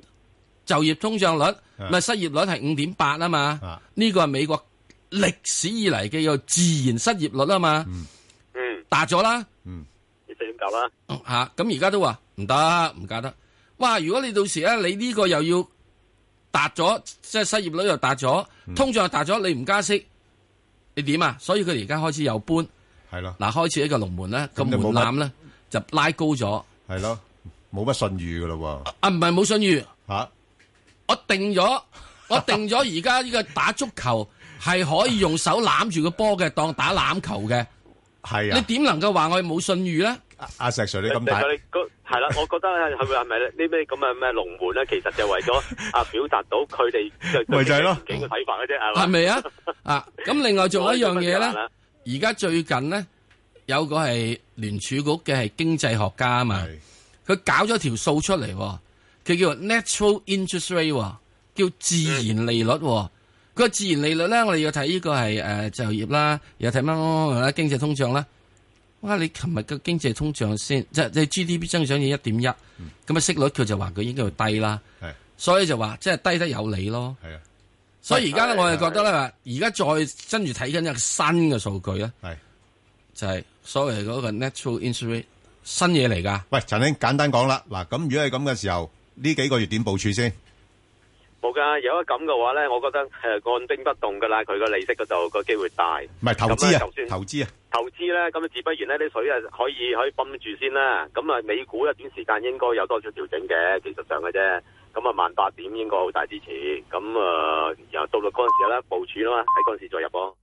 就業通脹率，咪、啊、失業率係五點八啊嘛。呢、啊、個係美國歷史以嚟嘅個自然失業率啊嘛，嗯，達咗啦，二四點九啦。吓、嗯，咁而家都話唔得，唔加得。哇，如果你到時咧，你呢個又要達咗，即係失業率又達咗，通脹又達咗，你唔加息，你點啊？所以佢哋而家開始又搬。係咯，嗱，開始呢個龍門咧，個門檻咧就拉高咗。係咯，冇乜信譽噶咯喎。啊，唔係冇信譽。吓，我定咗，我定咗而家呢個打足球係可以用手攬住個波嘅，當打籃球嘅。係啊。你點能夠話我哋冇信譽咧？阿石 Sir，你咁睇？係啦，我覺得係咪係咪呢啲咁嘅咩龍門咧？其實就為咗啊，表達到佢哋就就自己嘅睇法嘅啫。係咪啊？啊，咁另外仲有一樣嘢咧。而家最近咧，有個係聯儲局嘅係經濟學家啊嘛，佢的搞咗條數出嚟，佢叫做 natural interest rate，叫自然利率。個、嗯、自然利率咧，我哋要睇呢個係誒就業啦，又睇乜乜乜乜經濟通脹啦。哇！你琴日嘅經濟通脹先，即、就、係、是、即係 GDP 增長要一點一，咁嘅息率佢就話佢應該會低啦。的所以就話即係低得有理咯。所以而家咧，是我就覺得咧，而家再跟住睇緊一個新嘅數據咧，是就係所謂嗰個 natural interest 新嘢嚟噶。喂，曾兄，簡單講啦，嗱，咁如果係咁嘅時候，呢幾個月點部署先？冇噶，有得咁嘅話咧，我覺得誒按、呃、兵不動噶啦，佢個利息嗰度個機會大。唔係投資啊，就算投資啊，投資咧咁自不然呢啲水啊可以可以泵住先啦。咁啊，美股一段時間應該有多少調整嘅技術上嘅啫。咁啊，萬八點應該好大支持，咁啊、呃，到到嗰陣時啦，部署啦嘛，喺嗰陣時再入咯。